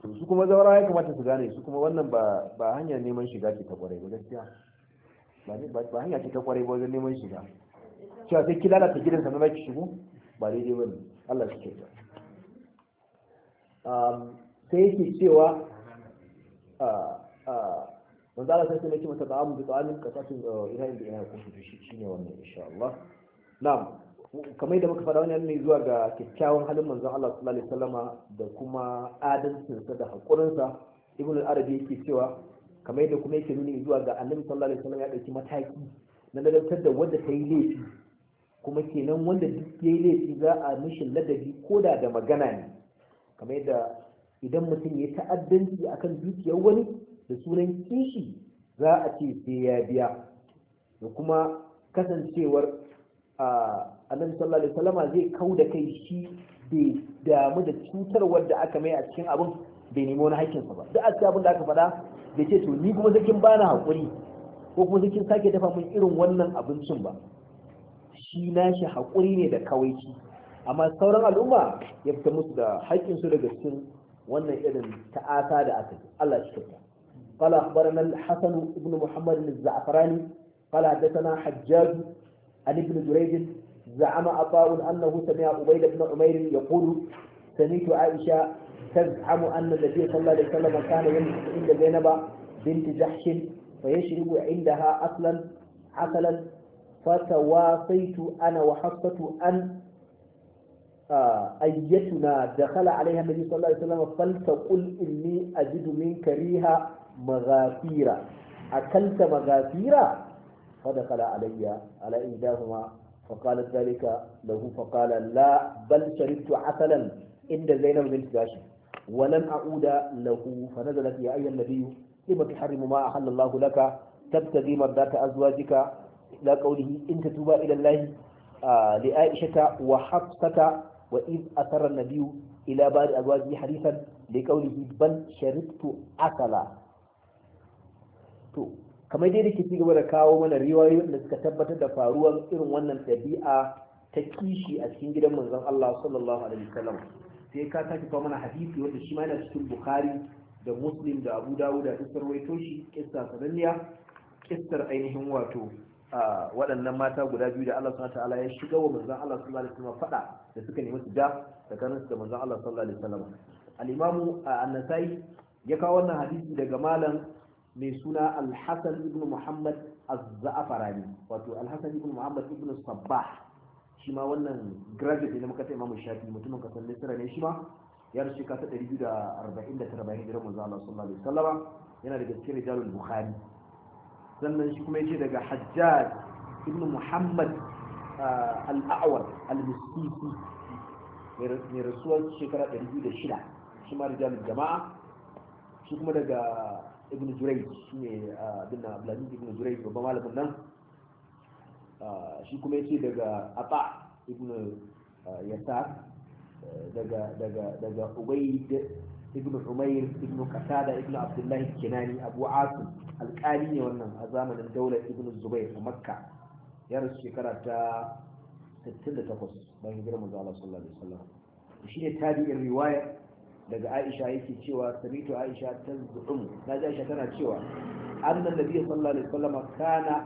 to su kuma zaura ya kamata su gane su kuma wannan ba ba hanyar neman shiga ce ta kwarai ba gaskiya ba hanya ce ta kwarai ba wajen neman shiga cewa sai ki lalata gidan sannan zaki shigo ba daidai ba ne Allah shi kyauta sai yake cewa wanda Allah sai sai ce masa ta'amu da ta'amin qasatin uh, ila inda ina kusa to shi ne wannan insha Allah na'am kamar da muka faɗa wannan ne zuwa ga kyakkyawan halin manzon Allah sallallahu alaihi wasallama da kuma adalcinsa da haƙurinsa ibn al-arabi yake cewa kamar da kuma yake nuni zuwa ga annabi sallallahu alaihi wasallam ya ɗauki mataki na ladabtar da wanda ta yi laifi kuma kenan wanda duk ya yi laifi za a mishi ladabi ko da magana ne kamar da idan mutum ya ta'addanci akan dukiyar wani da sunan kishi za a ce sai ya biya da kuma kasancewar a ah, annabi sallallahu alaihi wasallama zai kau da kai shi bai damu da cutarwar da aka mai a cikin abin bai nemi wani sa ba duk asiya abin da aka faɗa bai ce to ni kuma zakin bana hakuri, ko kuma zakin sake dafa min irin wannan abincin ba shi nashi hakuri ne da kawaici amma sauran al'umma ya fita musu da su daga cikin wannan irin ta'ata da aka yi Allah shi kyauta قال أخبرنا الحسن بن محمد الزعفراني قال حدثنا حجاج عن ابن جريج زعم عطاء أنه سمع عبيد بن عمير يقول سمعت عائشة تزعم أن النبي صلى الله عليه وسلم كان يمسك عند زينب بنت جحش فيشرب عندها أصلا عسلا فتواصيت أنا وحفصة أن آه أيتنا دخل عليها النبي صلى الله عليه وسلم فلتقل إني أجد منك ريها مغافيرا أكلت مغافيرا فدخل علي على إيداهما فقالت ذلك له فقال لا بل شربت عسلا عند زينب بنت جاشم ولم أعود له فنزلت يا أيها النبي لم تحرم ما أحل الله لك تبتغي مرضات أزواجك إلى قوله إن تتوبا إلى الله آه لعائشة وحفصة وإذ أثر النبي إلى بعض أزواجه حديثا لقوله بل شربت عسلا kamar dai da ke cigaba da kawo mana riwayoyin da suka tabbatar da faruwar irin wannan ɗabi'a ta kishi a cikin gidan manzon Allah sallallahu alaihi wasallam sai ka sake kawo mana hadisi wanda shi ma yana cikin Bukhari da Muslim da Abu Dawud da Isar Waito shi kissa sananniya kissar ainihin wato waɗannan mata guda biyu da Allah subhanahu ta'ala ya shiga wa manzon Allah sallallahu alaihi wasallam fada da suka nemi su da tsakaninsu da manzon Allah sallallahu alaihi wasallam al-Imam an-Nasa'i ya kawo wannan hadisi daga malam mai suna alhassan ibn muhammad az-za'afarani wato alhassan ibn muhammad ibn sabbah shi ma wannan graduate ne muka ta imamu shafi mutumin kasar misira ne shi ma ya rasu kasa 249 bayan hijirar manzo Allah sallallahu alaihi wasallam yana daga cikin rijalul bukhari sannan shi kuma yace daga hajjaj ibn muhammad uh, al-a'war al-misqiti mai rasuwar shekara 206 shi ma rijalul jama'a shi kuma daga ibn jurai shi ne abin nan abdulaziz ibn jurai babban malamin nan shi kuma ya ce daga ata ibn yasar daga daga daga ubaid ibn umair ibn qatada ibn abdullahi kinani abu asim alƙali ne wannan a zamanin daular ibn zubair a makka ya rasu shekara ta 68 bayan girman da Allah sallallahu alaihi wasallam shi ne tabi'in riwaya daga aisha yake cewa samitu aisha ta zuɗin na ji aisha tana cewa annan da sallallahu alaihi wasallam kana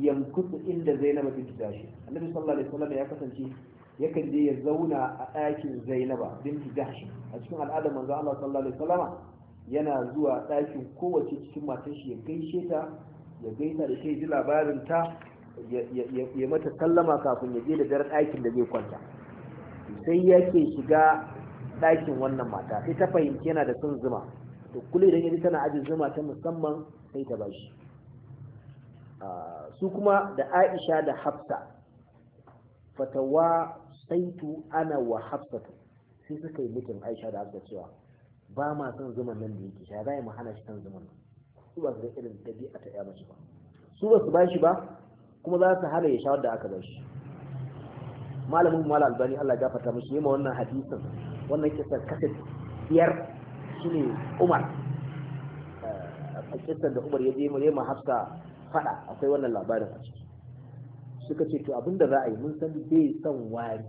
yankutu inda zainaba bintu jashi annabi sallallahu alaihi ya kasance yakan je ya zauna a ɗakin zainaba bintu jashi a cikin al'adar manzo Allah sallallahu alaihi yana zuwa ɗakin kowace cikin matan shi ya gaishe ta ya gaisa da shi ji labarin ta ya mata sallama kafin ya je da daren ɗakin da zai kwanta sai yake shiga ɗakin wannan mata sai ta fahimci yana da son zuma to kula idan yaji tana ajin zuma ta musamman sai ta bashi ah, su kuma da Aisha da Hafsa fatawa saitu ana wa hafsa sai suka yi mutum Aisha da Hafsa cewa ba ma son zuman nan da yake sha za hana shi kan zuman nan su ba su da irin dabi'a ta ya mace ba su ba su bashi ba kuma za su hana ya sha wanda aka bashi malamin mala albani Allah ya gafarta yi ma wannan hadisin wannan kisar kasar biyar shi ne umar eh, a kisar da umar ya je mai ma hafsa fada akwai wannan labarin a ciki suka ce to abinda za a yi mun san bai son wari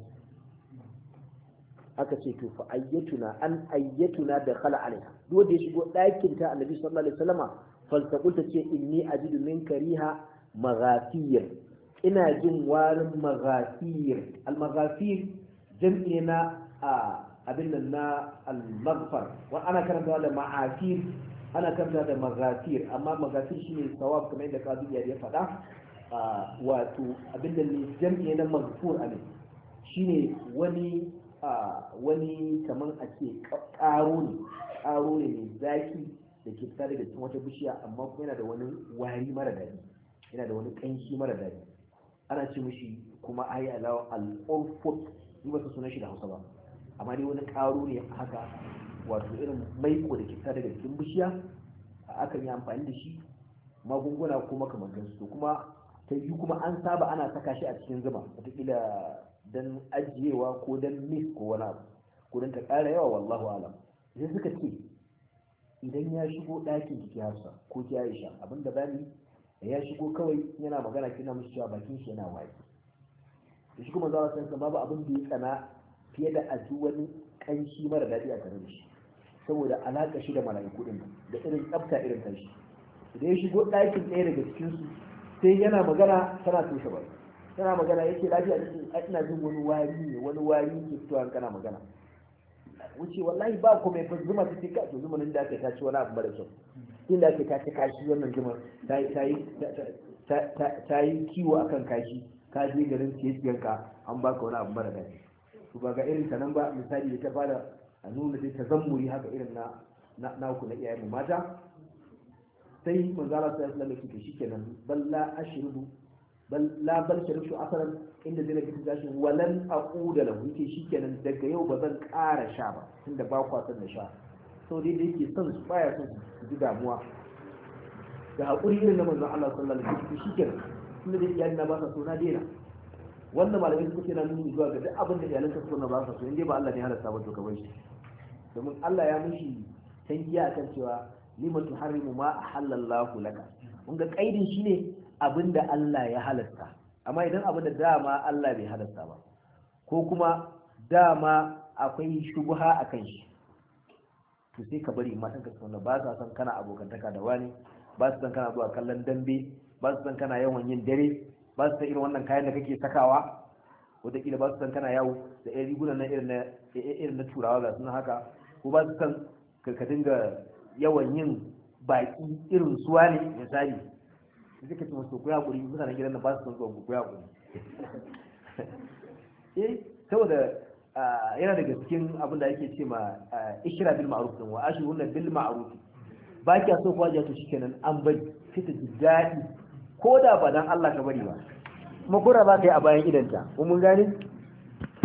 aka ce to fa ayyatuna an ayyatuna da khala alaiha duk wanda ya shigo ɗakin ta annabi sallallahu alaihi wasallama falsaqul ta ce inni ajidu min kariha maghafir ina jin warin maghafir al maghafir jam'i na a ah, abin nan na al-maghfar wa ana karanta da ma'afir ana karanta da magafir amma magafir shine sawab kamar yadda kazu ya faɗa wato abin da ne jam'i na maghfur ne shine wani wani kaman a karo ne karo ne mai zaki da ke fita daga cikin wata bishiya amma kuma yana da wani wari mara daɗi yana da wani ƙanshi mara daɗi ana ce mishi kuma ayi alawa al-urfut ni ba su sunan shi da Hausa ba amma dai wani karo ne haka wato irin maiko da ke tare da cikin bishiya akan yi amfani da shi magunguna ko makamantansu to kuma ta yi kuma an saba ana saka shi a cikin zuma wataƙila don ajiyewa ko don mis ko wani abu ko don ta ƙara yawa wallahu alam sai suka ce idan ya shigo ɗakin ki hafsa ko ki aisha abinda bani ya shigo kawai yana magana kina mishi cewa bakin shi yana waye da shi kuma za a san babu abin da ya tsana fiye da a wani kanshi mara daɗi a tare da shi saboda alaƙa shi da mala'iku din da irin tsafta irin kanshi idan ya shigo ɗakin ɗaya daga cikin su sai yana magana tana toshe ba tana magana yake lafiya a ina jin wani wari ne wani wari ke fitowa kana magana wuce wallahi ba ko mai zuma ta tika to zuma da ta tace wani abu mara kyau inda ta tace kashi wannan zuma ta yi ta yi kiwo akan kashi ka je garin ciye ka an baka wani abu mara daɗi to ba ga irin ta nan ba misali da ta fara a nuna dai ta zammuri haka irin na na ku na iyayen mata sai manzo Allah sallallahu alaihi wasallam yake shikenan balla ashrubu bal la bal shariftu asaran inda zai rabi gashi walan aquda lahu yake shikenan daga yau ba zan ƙara sha ba tunda ba kwa son na sha so dai da yake son su baya son su ji damuwa da haƙuri irin na manzo Allah sallallahu alaihi wasallam shikenan tunda dai na ba sa so na daina wannan malamai suka ce na nuni zuwa ga duk abin da iyalanka suka na ba su so dai ba Allah ne halatta ba to kamar shi domin Allah ya mishi tangiya akan cewa lima tuharrimu ma ahallallahu laka mun ga kaidin shine abin da Allah ya halatta amma idan abin da dama Allah bai halatta ba ko kuma dama akwai shubha akan shi to sai ka bari matan ka tsona ba sa san kana abokantaka da wani ba su san kana zuwa kallon dambe ba su san kana yawan yin dare ba su san irin wannan kayan da kake sakawa wataƙila ba su san kana yawo da yan rigunan na irin na turawa ga suna haka ko ba su san ka da yawan yin baƙi irin suwa ne misali da ka ce musu ku yaƙuri mutanen gidan nan ba su san zuwa ku yaƙuri eh saboda yana daga cikin abin da ake ce ma ishira bil ma'ruf din wa ashiruna bil ma'ruf ba kya so ku ajiya to shikenan an bari fita jidadi ko da ba dan Allah ka bari ba makura za ka yi a bayan idanta mun gani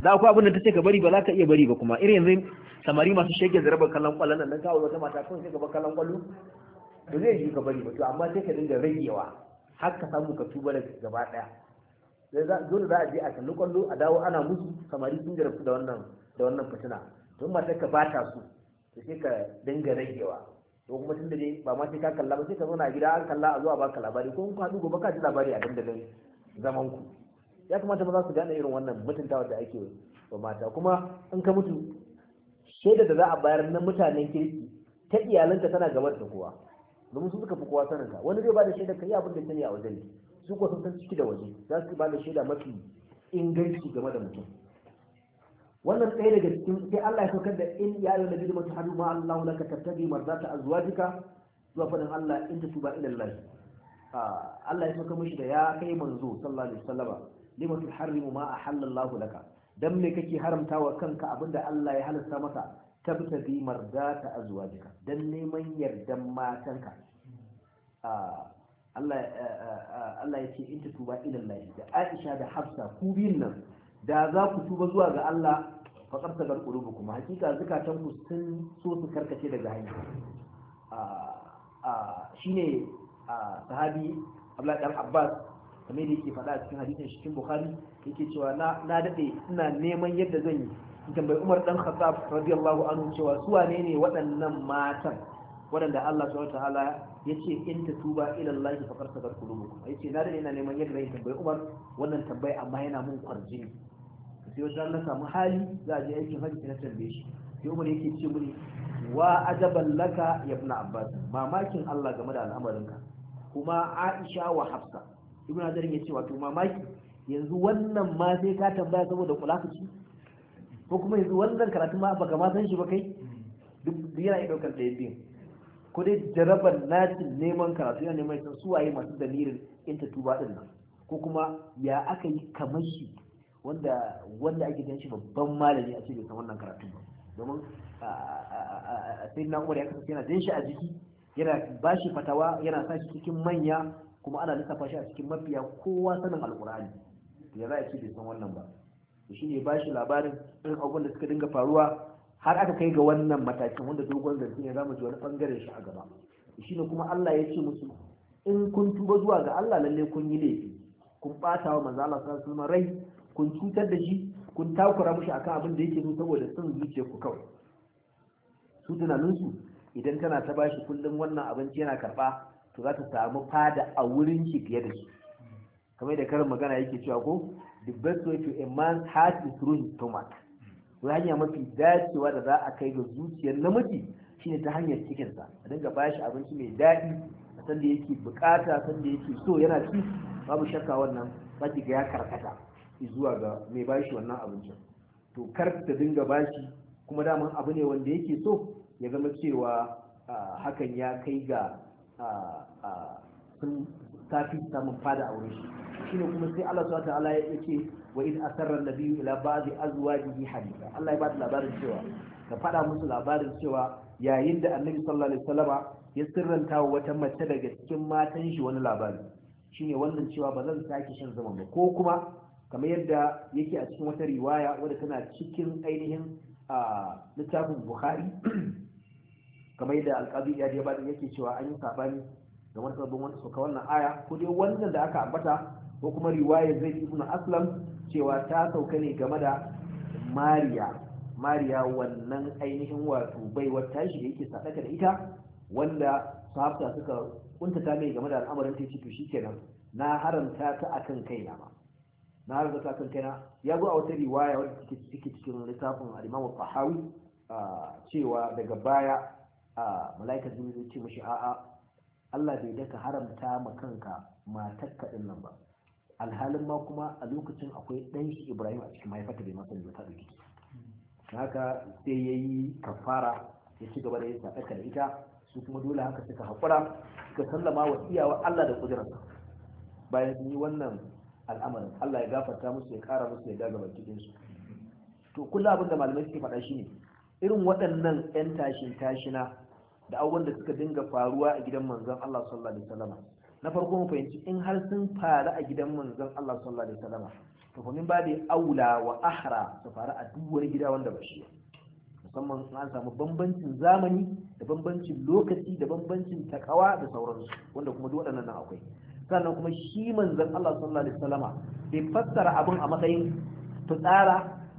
da ku abin da ta ce ka bari ba za ka iya bari ba kuma irin yanzu samari masu shege zarabar kallon kwallon nan kawo wata mata kawai sai ka ba kallon kwallo ba zai yi ka bari ba to amma sai ka dinga ragewa har ka samu ka tuba da gaba daya dole za a je a kalli kwallo a dawo ana musu samari sun jarabtu da wannan da wannan fitina don matar ka bata su to sai ka dinga ragewa to kuma tun da dai ba ma sai ka kalla ba sai ka zauna a gida an kalla a zuwa baka labari ko in ka haɗu gobe ka ji labari a dandalin zaman ku ya kamata maza su gane irin wannan mutuntawa da ake wa mata kuma in ka mutu shaida da za a bayar na mutanen kirki ta iyalanka tana gabar da kowa domin su suka fi kowa sanin ka wani zai ba da shaida kai abin da sani a wajen su ko sun san ciki da waje za su ba da shaida mafi inganci game da mutum wannan tsaye daga cikin sai Allah ya saukar da in ya yi nabi da mutu hadu ma Allah laka tattabi marzata azwajika zuwa fadin Allah in ta tuba ila Allah ah, Allah ya saukar mishi da ya kai manzo sallallahu alaihi wasallama lima tuharrimu ma a halallahu laka dan me kake haramta wa kanka abinda Allah ya halasta maka tabtabi marza marzata jika dan neman yardan matanka ah, ah, Allah ya ce in ta tuba ila Allah da Aisha da Hafsa ku biyun nan da za ku tuba zuwa ga Allah faƙar sagar ƙurubu kuma hakika zukatanku sun so su karkace daga hanya shi ne sahabi abdullahi dan abbas kamar da yake faɗa a cikin hadisin cikin bukhari yake cewa na daɗe ina neman yadda zan yi tambayi umar dan khattab radiyallahu anhu cewa su wane ne waɗannan matan waɗanda Allah subhanahu ta'ala yace in tatuba ila Allah faqad sabar qulubukum yace na daɗe ina neman yadda zan yi tambayi umar wannan tambayi amma yana mun kwarjini sai wata na samu hali za a je aikin hajji na tambaye shi sai umar yake ce mini wa ajaban laka ya fi abbas mamakin allah game da al'amarinka kuma aisha wa hafsa ibn hajar ya ce wato mamaki yanzu wannan ma sai ka tambaya saboda kulakaci ko kuma yanzu wannan karatu ma baka ma san shi ba kai duk yana iya ɗaukar ɗaya biyu ko dai jarabar nacin neman karatu yana neman su waye masu dalilin in ta tuba ɗin nan ko kuma ya aka yi kamar shi wanda wanda ake ganin shi babban malami a cikin wannan karatu ba domin sai na umar ya kasance yana jin shi a jiki yana bashi fatawa yana sa cikin manya kuma ana lissafa shi a cikin mafiya kowa sanin alkur'ani ya za a ce bai san wannan ba shi ne ba shi labarin irin abubuwan da suka dinga faruwa har aka kai ga wannan matakin wanda dogon zance ne zamu ji wani bangaren shi a gaba shi ne kuma Allah ya ce musu in kun tuba zuwa ga Allah lalle kun yi laifi kun bata wa manzo Allah sallallahu alaihi wasallam rai kun cutar da shi kun takura mushi akan abin da yake so saboda son zuciya ku kawai su tunaninsu idan kana ta bashi kullum wannan abinci yana karba to za ta samu fada a wurin shi fiye da shi kamar da karin magana yake cewa ko the best way to a man's heart is through his stomach to hanya mafi dacewa da za a kai ga zuciyar namiji shine ta hanyar cikinsa a dinga bashi abinci mai daɗi a san da yake bukata san da yake so yana ci babu shakka wannan za ga ya karkata zuwa ga mai bashi wannan abincin to kar ta dinga bashi kuma daman abu ne wanda yake so ya zama cewa hakan ya kai ga sun tafi samun fada a wurin shi shine kuma sai Allah subhanahu ta'ala ya yake wa in asarra nabiyyu ila azuwa azwajihi haditha Allah ya bada labarin cewa ka fada musu labarin cewa yayin da Annabi sallallahu alaihi wasallama ya sirranta wa wata mace daga cikin matan shi wani labari shine wannan cewa ba zan sake shan zaman ba ko kuma kamar yadda yake a cikin wata riwaya wadda tana cikin ainihin littafin bukhari kamar yadda alƙazi ya je baɗin yake cewa an yi saɓani da wani sabbin wanda suka wannan aya ko dai wannan da aka ambata ko kuma riwaya zai ibn aslam cewa ta sauka ne game da mariya mariya wannan ainihin wato wata shi da yake saɗaka da ita wanda sahabta suka kuntata mai game da al'amarin ta ce shi shikenan na haramta ta akan kaina ba na har zata kan kaina ya zo a wata riwaya wadda take cikin littafin al-Imam Tahawi cewa daga baya malaikar jini zai ce mishi a'a Allah bai daka haramta ma kanka matar kaɗin nan ba alhalin ma kuma a lokacin akwai ɗan shi Ibrahim a cikin mahaifarta bai masa ta ɗauki haka sai ya yi kafara ya ci gaba da yin sadaka da ita su kuma dole haka suka haƙura suka sallama wa iyawa Allah da ƙudurarsa bayan sun yi wannan al'amarin Allah ya gafarta musu ya kara musu ya daga bakin su to kullum abin da malamai suke faɗa shine irin waɗannan 'yan tashin tashina da abubuwan da suka dinga faruwa a gidan manzon Allah sallallahu alaihi wasallam na farko mu fahimci in har sun faru a gidan manzon Allah sallallahu alaihi wasallam to fa min bade aula wa ahra su faru a wani gida wanda ba shi musamman an samu bambancin zamani da bambancin lokaci da bambancin takawa da sauransu wanda kuma duk waɗannan akwai sannan kuma shi manzan Allah sallallahu alaihi wasallama bai fassara abin a matsayin fitsara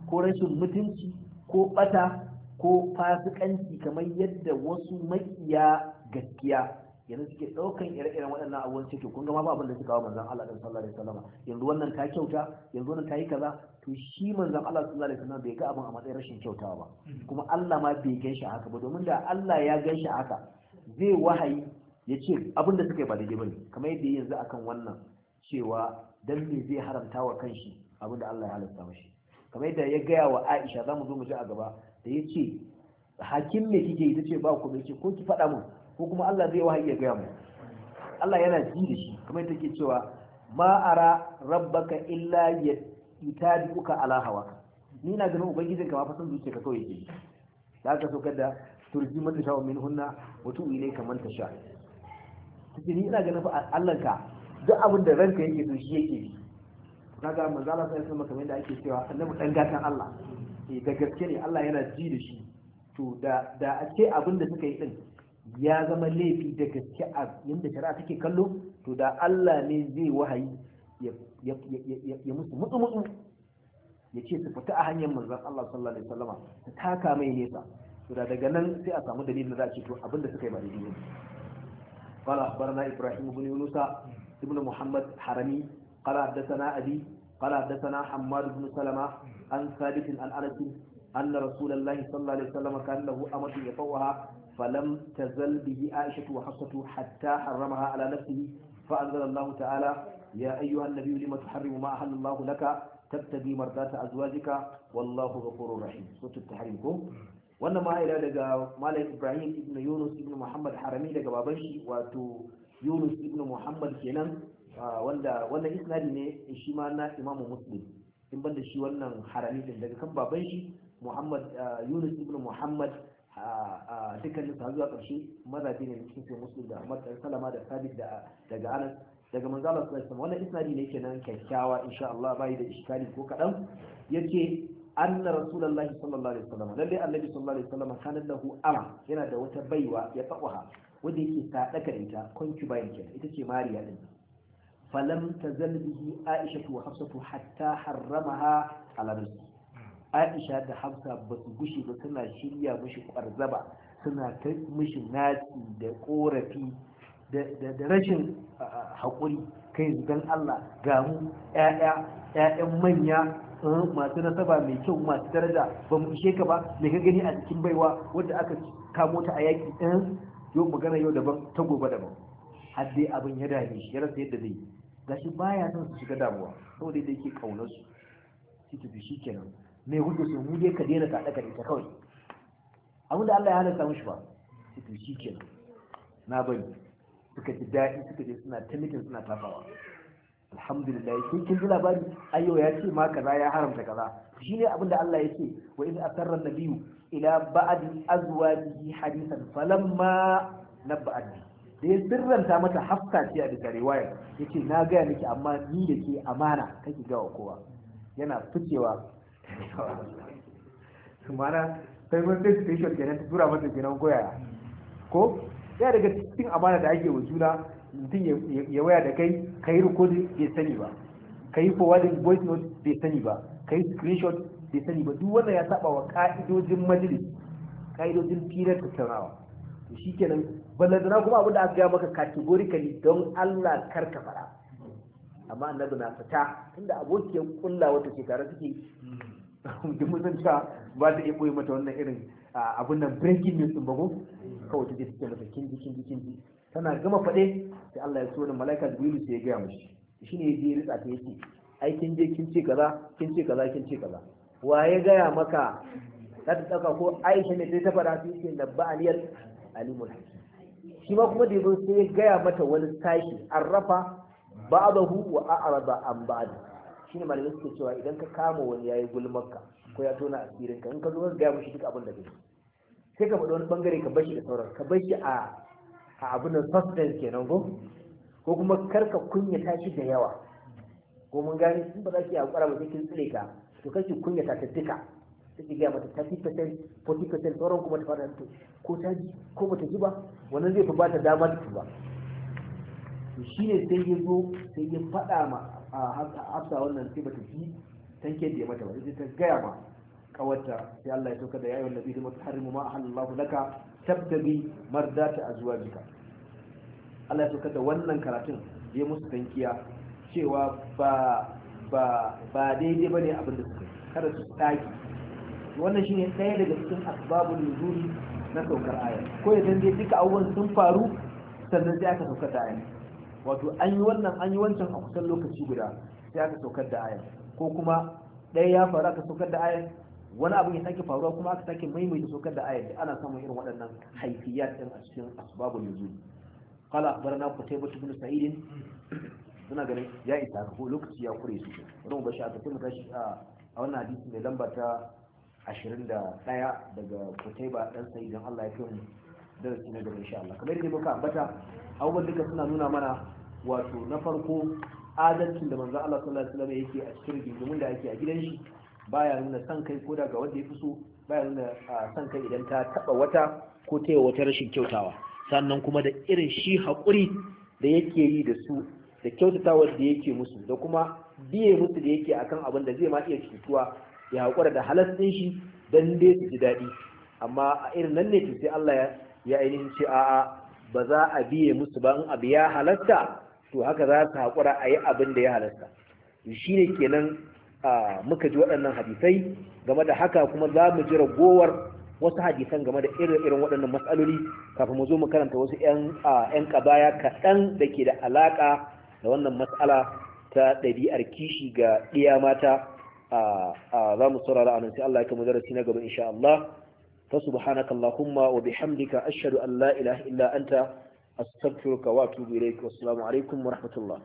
ko rashin mutunci ko bata ko fasikanci kamar yadda wasu makiya gaskiya yanzu suke ɗaukan ire-iren waɗannan abubuwan ce to kun ga ma ba abin da suka kawo manzan Allah sallallahu alaihi wasallama yanzu wannan ta kyauta yanzu wannan ta yi kaza to shi manzan Allah sallallahu alaihi wasallama bai ga abin a matsayin rashin kyautawa ba hmm. kuma Allah ma bai gan shi haka ba domin da Allah ya gan shi haka zai wahayi ya ce abin da suka yi ba daidai ba ne kamar yadda yanzu akan wannan cewa dan me zai haramta wa kanshi abin da Allah ya halatta mashi kamar yadda ya gaya wa Aisha za mu zo mu ji a gaba da ya ce hakim me kike yi ta ce ba ku ce ko ki faɗa mun ko kuma Allah zai wahayi ya gaya mu Allah yana ji da shi kamar yadda ke cewa ma ara rabbaka illa ya itadikuka ala hawa ni na ganin ubangijinka ma fa san zuciyarka kawai yake da aka so kada turji mata shawo min hunna wa ne ilayka man sha. take ni ina ganin fa Allah ka duk abin da ranka yake so shi yake bi kaga manzo Allah sai kuma kamar da ake cewa annabi dan gatan Allah eh da gaske ne Allah yana ji da shi to da da ake abin da suka yi din ya zama laifi da gaske a yadda shari'a take kallo to da Allah ne zai wahayi ya musu mutsu mutsu ya ce su fita a hanyar manzon Allah sallallahu alaihi wasallama su taka mai nesa to da daga nan sai a samu dalilin da za a ce to abin da suka yi ba daidai ne قال أخبرنا إبراهيم بن يونس ابن محمد حرمي قال حدثنا أبي قال حدثنا حماد بن سلمة عن ثابت عن أنس أن رسول الله صلى الله عليه وسلم كان له أمة يطوها فلم تزل به عائشة وحفصة حتى حرمها على نفسه فأنزل الله تعالى يا أيها النبي لم تحرم ما أحل الله لك تبتغي مرضات أزواجك والله غفور رحيم سورة التحريم wannan ma'aila daga malam ibrahim ibn yunus ibn muhammad harami daga baban shi wato yunus ibn muhammad kenan wanda wannan isnadi ne shi ma na imamu muslim in banda shi wannan harami din daga kan baban shi muhammad yunus ibn muhammad dukkanin sa zuwa ƙarshe mazaje ne cikin sai muslim da ahmad dan salama da sabit daga anas daga manzo Allah sallallahu alaihi wasallam wannan isnadi ne kenan kyakkyawa insha Allah bai da iskali ko kadan yace anna rasulullahi sallallahu alaihi wasallam lalle annabi sallallahu alaihi wasallam kana lahu yana da wata baiwa ya taqwa wanda yake sadaka da ita concubine kenan ita ce mariya din falam tazal bihi aisha wa hafsatu hatta harramaha ala aisha da hafsa ba su gushi ba suna shirya mishi kwarzaba suna ta mishi naci da korafi da rashin haƙuri kai don Allah ga mu 'ya'yan manya eh, masu nasaba mai kyau masu daraja ba mu ishe ka ba me ka gani a cikin baiwa wadda aka kamo ta a yaƙi ɗin eh, yau magana yau daban ta gobe daban har dai abin ya dame shi ya rasa yadda zai yi gashi baya son su shiga damuwa saboda da yake kaunar su shi tafi shi kenan mai hujja su mu dai ka daina kaɗa ka ita kawai abin da Allah ya halatta mushi ba shi tafi shi kenan na bari suka ji daɗi suka je suna ta mitin suna tafawa alhamdulillah kin kin ji labari ayyo ya ce ma kaza ya haramta kaza shi ne abin da Allah yake wa in na nabiyyu ila hadisan azwajihi hadithan falamma nabba'ani da ya sirranta mata hafsa ce a bisa riwaya yace na gaya miki amma ni da ke amana kake ga kowa yana ficewa mana sai mun sai station kenan tura mata kenan goya ko ya daga cikin amana da ake wa juna mutum ya waya da kai ka yi rikodin bai sani ba ka yi forwarding voice note bai sani ba ka yi screenshot bai sani ba duk wannan ya saba wa ka'idojin majalis ka'idojin firar tattaunawa to shikenan ballantana kuma abin da aka gaya maka categorically don Allah kar ka fara amma annabi na fita tunda abokiyar kulla wata shekara suke yi. mun san ba ta iya koyi mata wannan irin abin nan breaking news ba ko kawai duk suke masa kinji kinji kinji tana gama faɗe sai Allah ya so da malaika Jibrilu sai ya gaya mishi shine ya je ritsa ta yake ai kin je kin ce kaza kin ce kaza kin ce kaza waye gaya maka za ta dauka ko Aisha ne ta fara su yake nabba aliyar alimul hakim shi ma kuma da yazo sai ya gaya mata wani sashi arrafa ba'dahu wa a'rada an ba'd shine malamin suke cewa idan ka kama wani yayi gulmarka ko ya tona asirin ka in ka zo ka gaya mishi duk abin da kake sai ka faɗi wani bangare ka bashi da sauran ka bashi a a abin da suspense kenan ko ko kuma karka kunya tashi da yawa ko mun gani sun ba za ki hakura ba cikin tsire ka to kashi kunya ta ta take gaya mata 30% 40% sauran kuma ta fara to ko ta ji ko bata ji ba wannan zai fi ba ta dama ta ba to ne sai ya zo sai ya faɗa ma a hafsa wannan sai bata ji tanke da mata ba sai ta gaya ma kawarta sai Allah ya sauka da yayin nabi da mutarrimu ma ahallallahu laka tabtabi mardata azwajika Allah ya sauka da wannan karatun je musu tankiya cewa ba ba ba daidai bane abin da suka kada su tsaki wannan shine ɗaya daga cikin asbabul nuzuli na saukar aya ko idan dai duka abubuwan sun faru sannan sai aka saukar da aya wato an yi wannan an yi wancan a kusan lokaci guda sai aka saukar da aya ko kuma ɗaya ya faru aka saukar da aya wani abu ya sake faruwa kuma aka sake maimaita sokar da ayar da ana samun irin waɗannan haifiyat ɗin a cikin asbabul nuzul qala akhbarana qutaybah ibn sa'id suna ganin ya isa ko lokaci ya kure su bari mu bashi aka kuma tashi a wannan hadisi mai lamba ta 21 daga qutaybah dan sa'id dan Allah ya kai mu darasi na gaba insha Allah kamar yadda muka ambata abubuwan duka suna nuna mana wato na farko adalcin da manzo Allah sallallahu alaihi wasallam yake a cikin gingimin da ake a gidan shi baya nuna san kai ko daga wanda ya fi so baya nuna san kai idan ta taba wata ko ta yi wata rashin kyautawa sannan kuma da irin shi haƙuri da yake yi da su da kyautatawa da yake musu da kuma biye musu da yake akan abin da zai ma iya cutuwa ya haƙura da halas ɗin shi dan dai su ji daɗi amma a irin nan ne sai Allah ya ainihin ce a'a ba za a biye musu ba in abu ya halasta to haka za su haƙura a yi abin da ya halasta shi ne kenan muka ji waɗannan hadisai game da haka kuma za mu ji ragowar wasu hadisan game da irin waɗannan matsaloli kafin mu zo mu karanta wasu 'yan kabaya kaɗan da ke da alaƙa da wannan matsala ta ɗabi'ar kishi ga ɗiya mata za mu saurara a nan sai Allah ya kama darasi na gaba insha Allah ta subhanaka allahumma wa bihamdika ashhadu an la ilaha illa anta astaghfiruka wa atubu ilaik wassalamu alaikum wa rahmatullah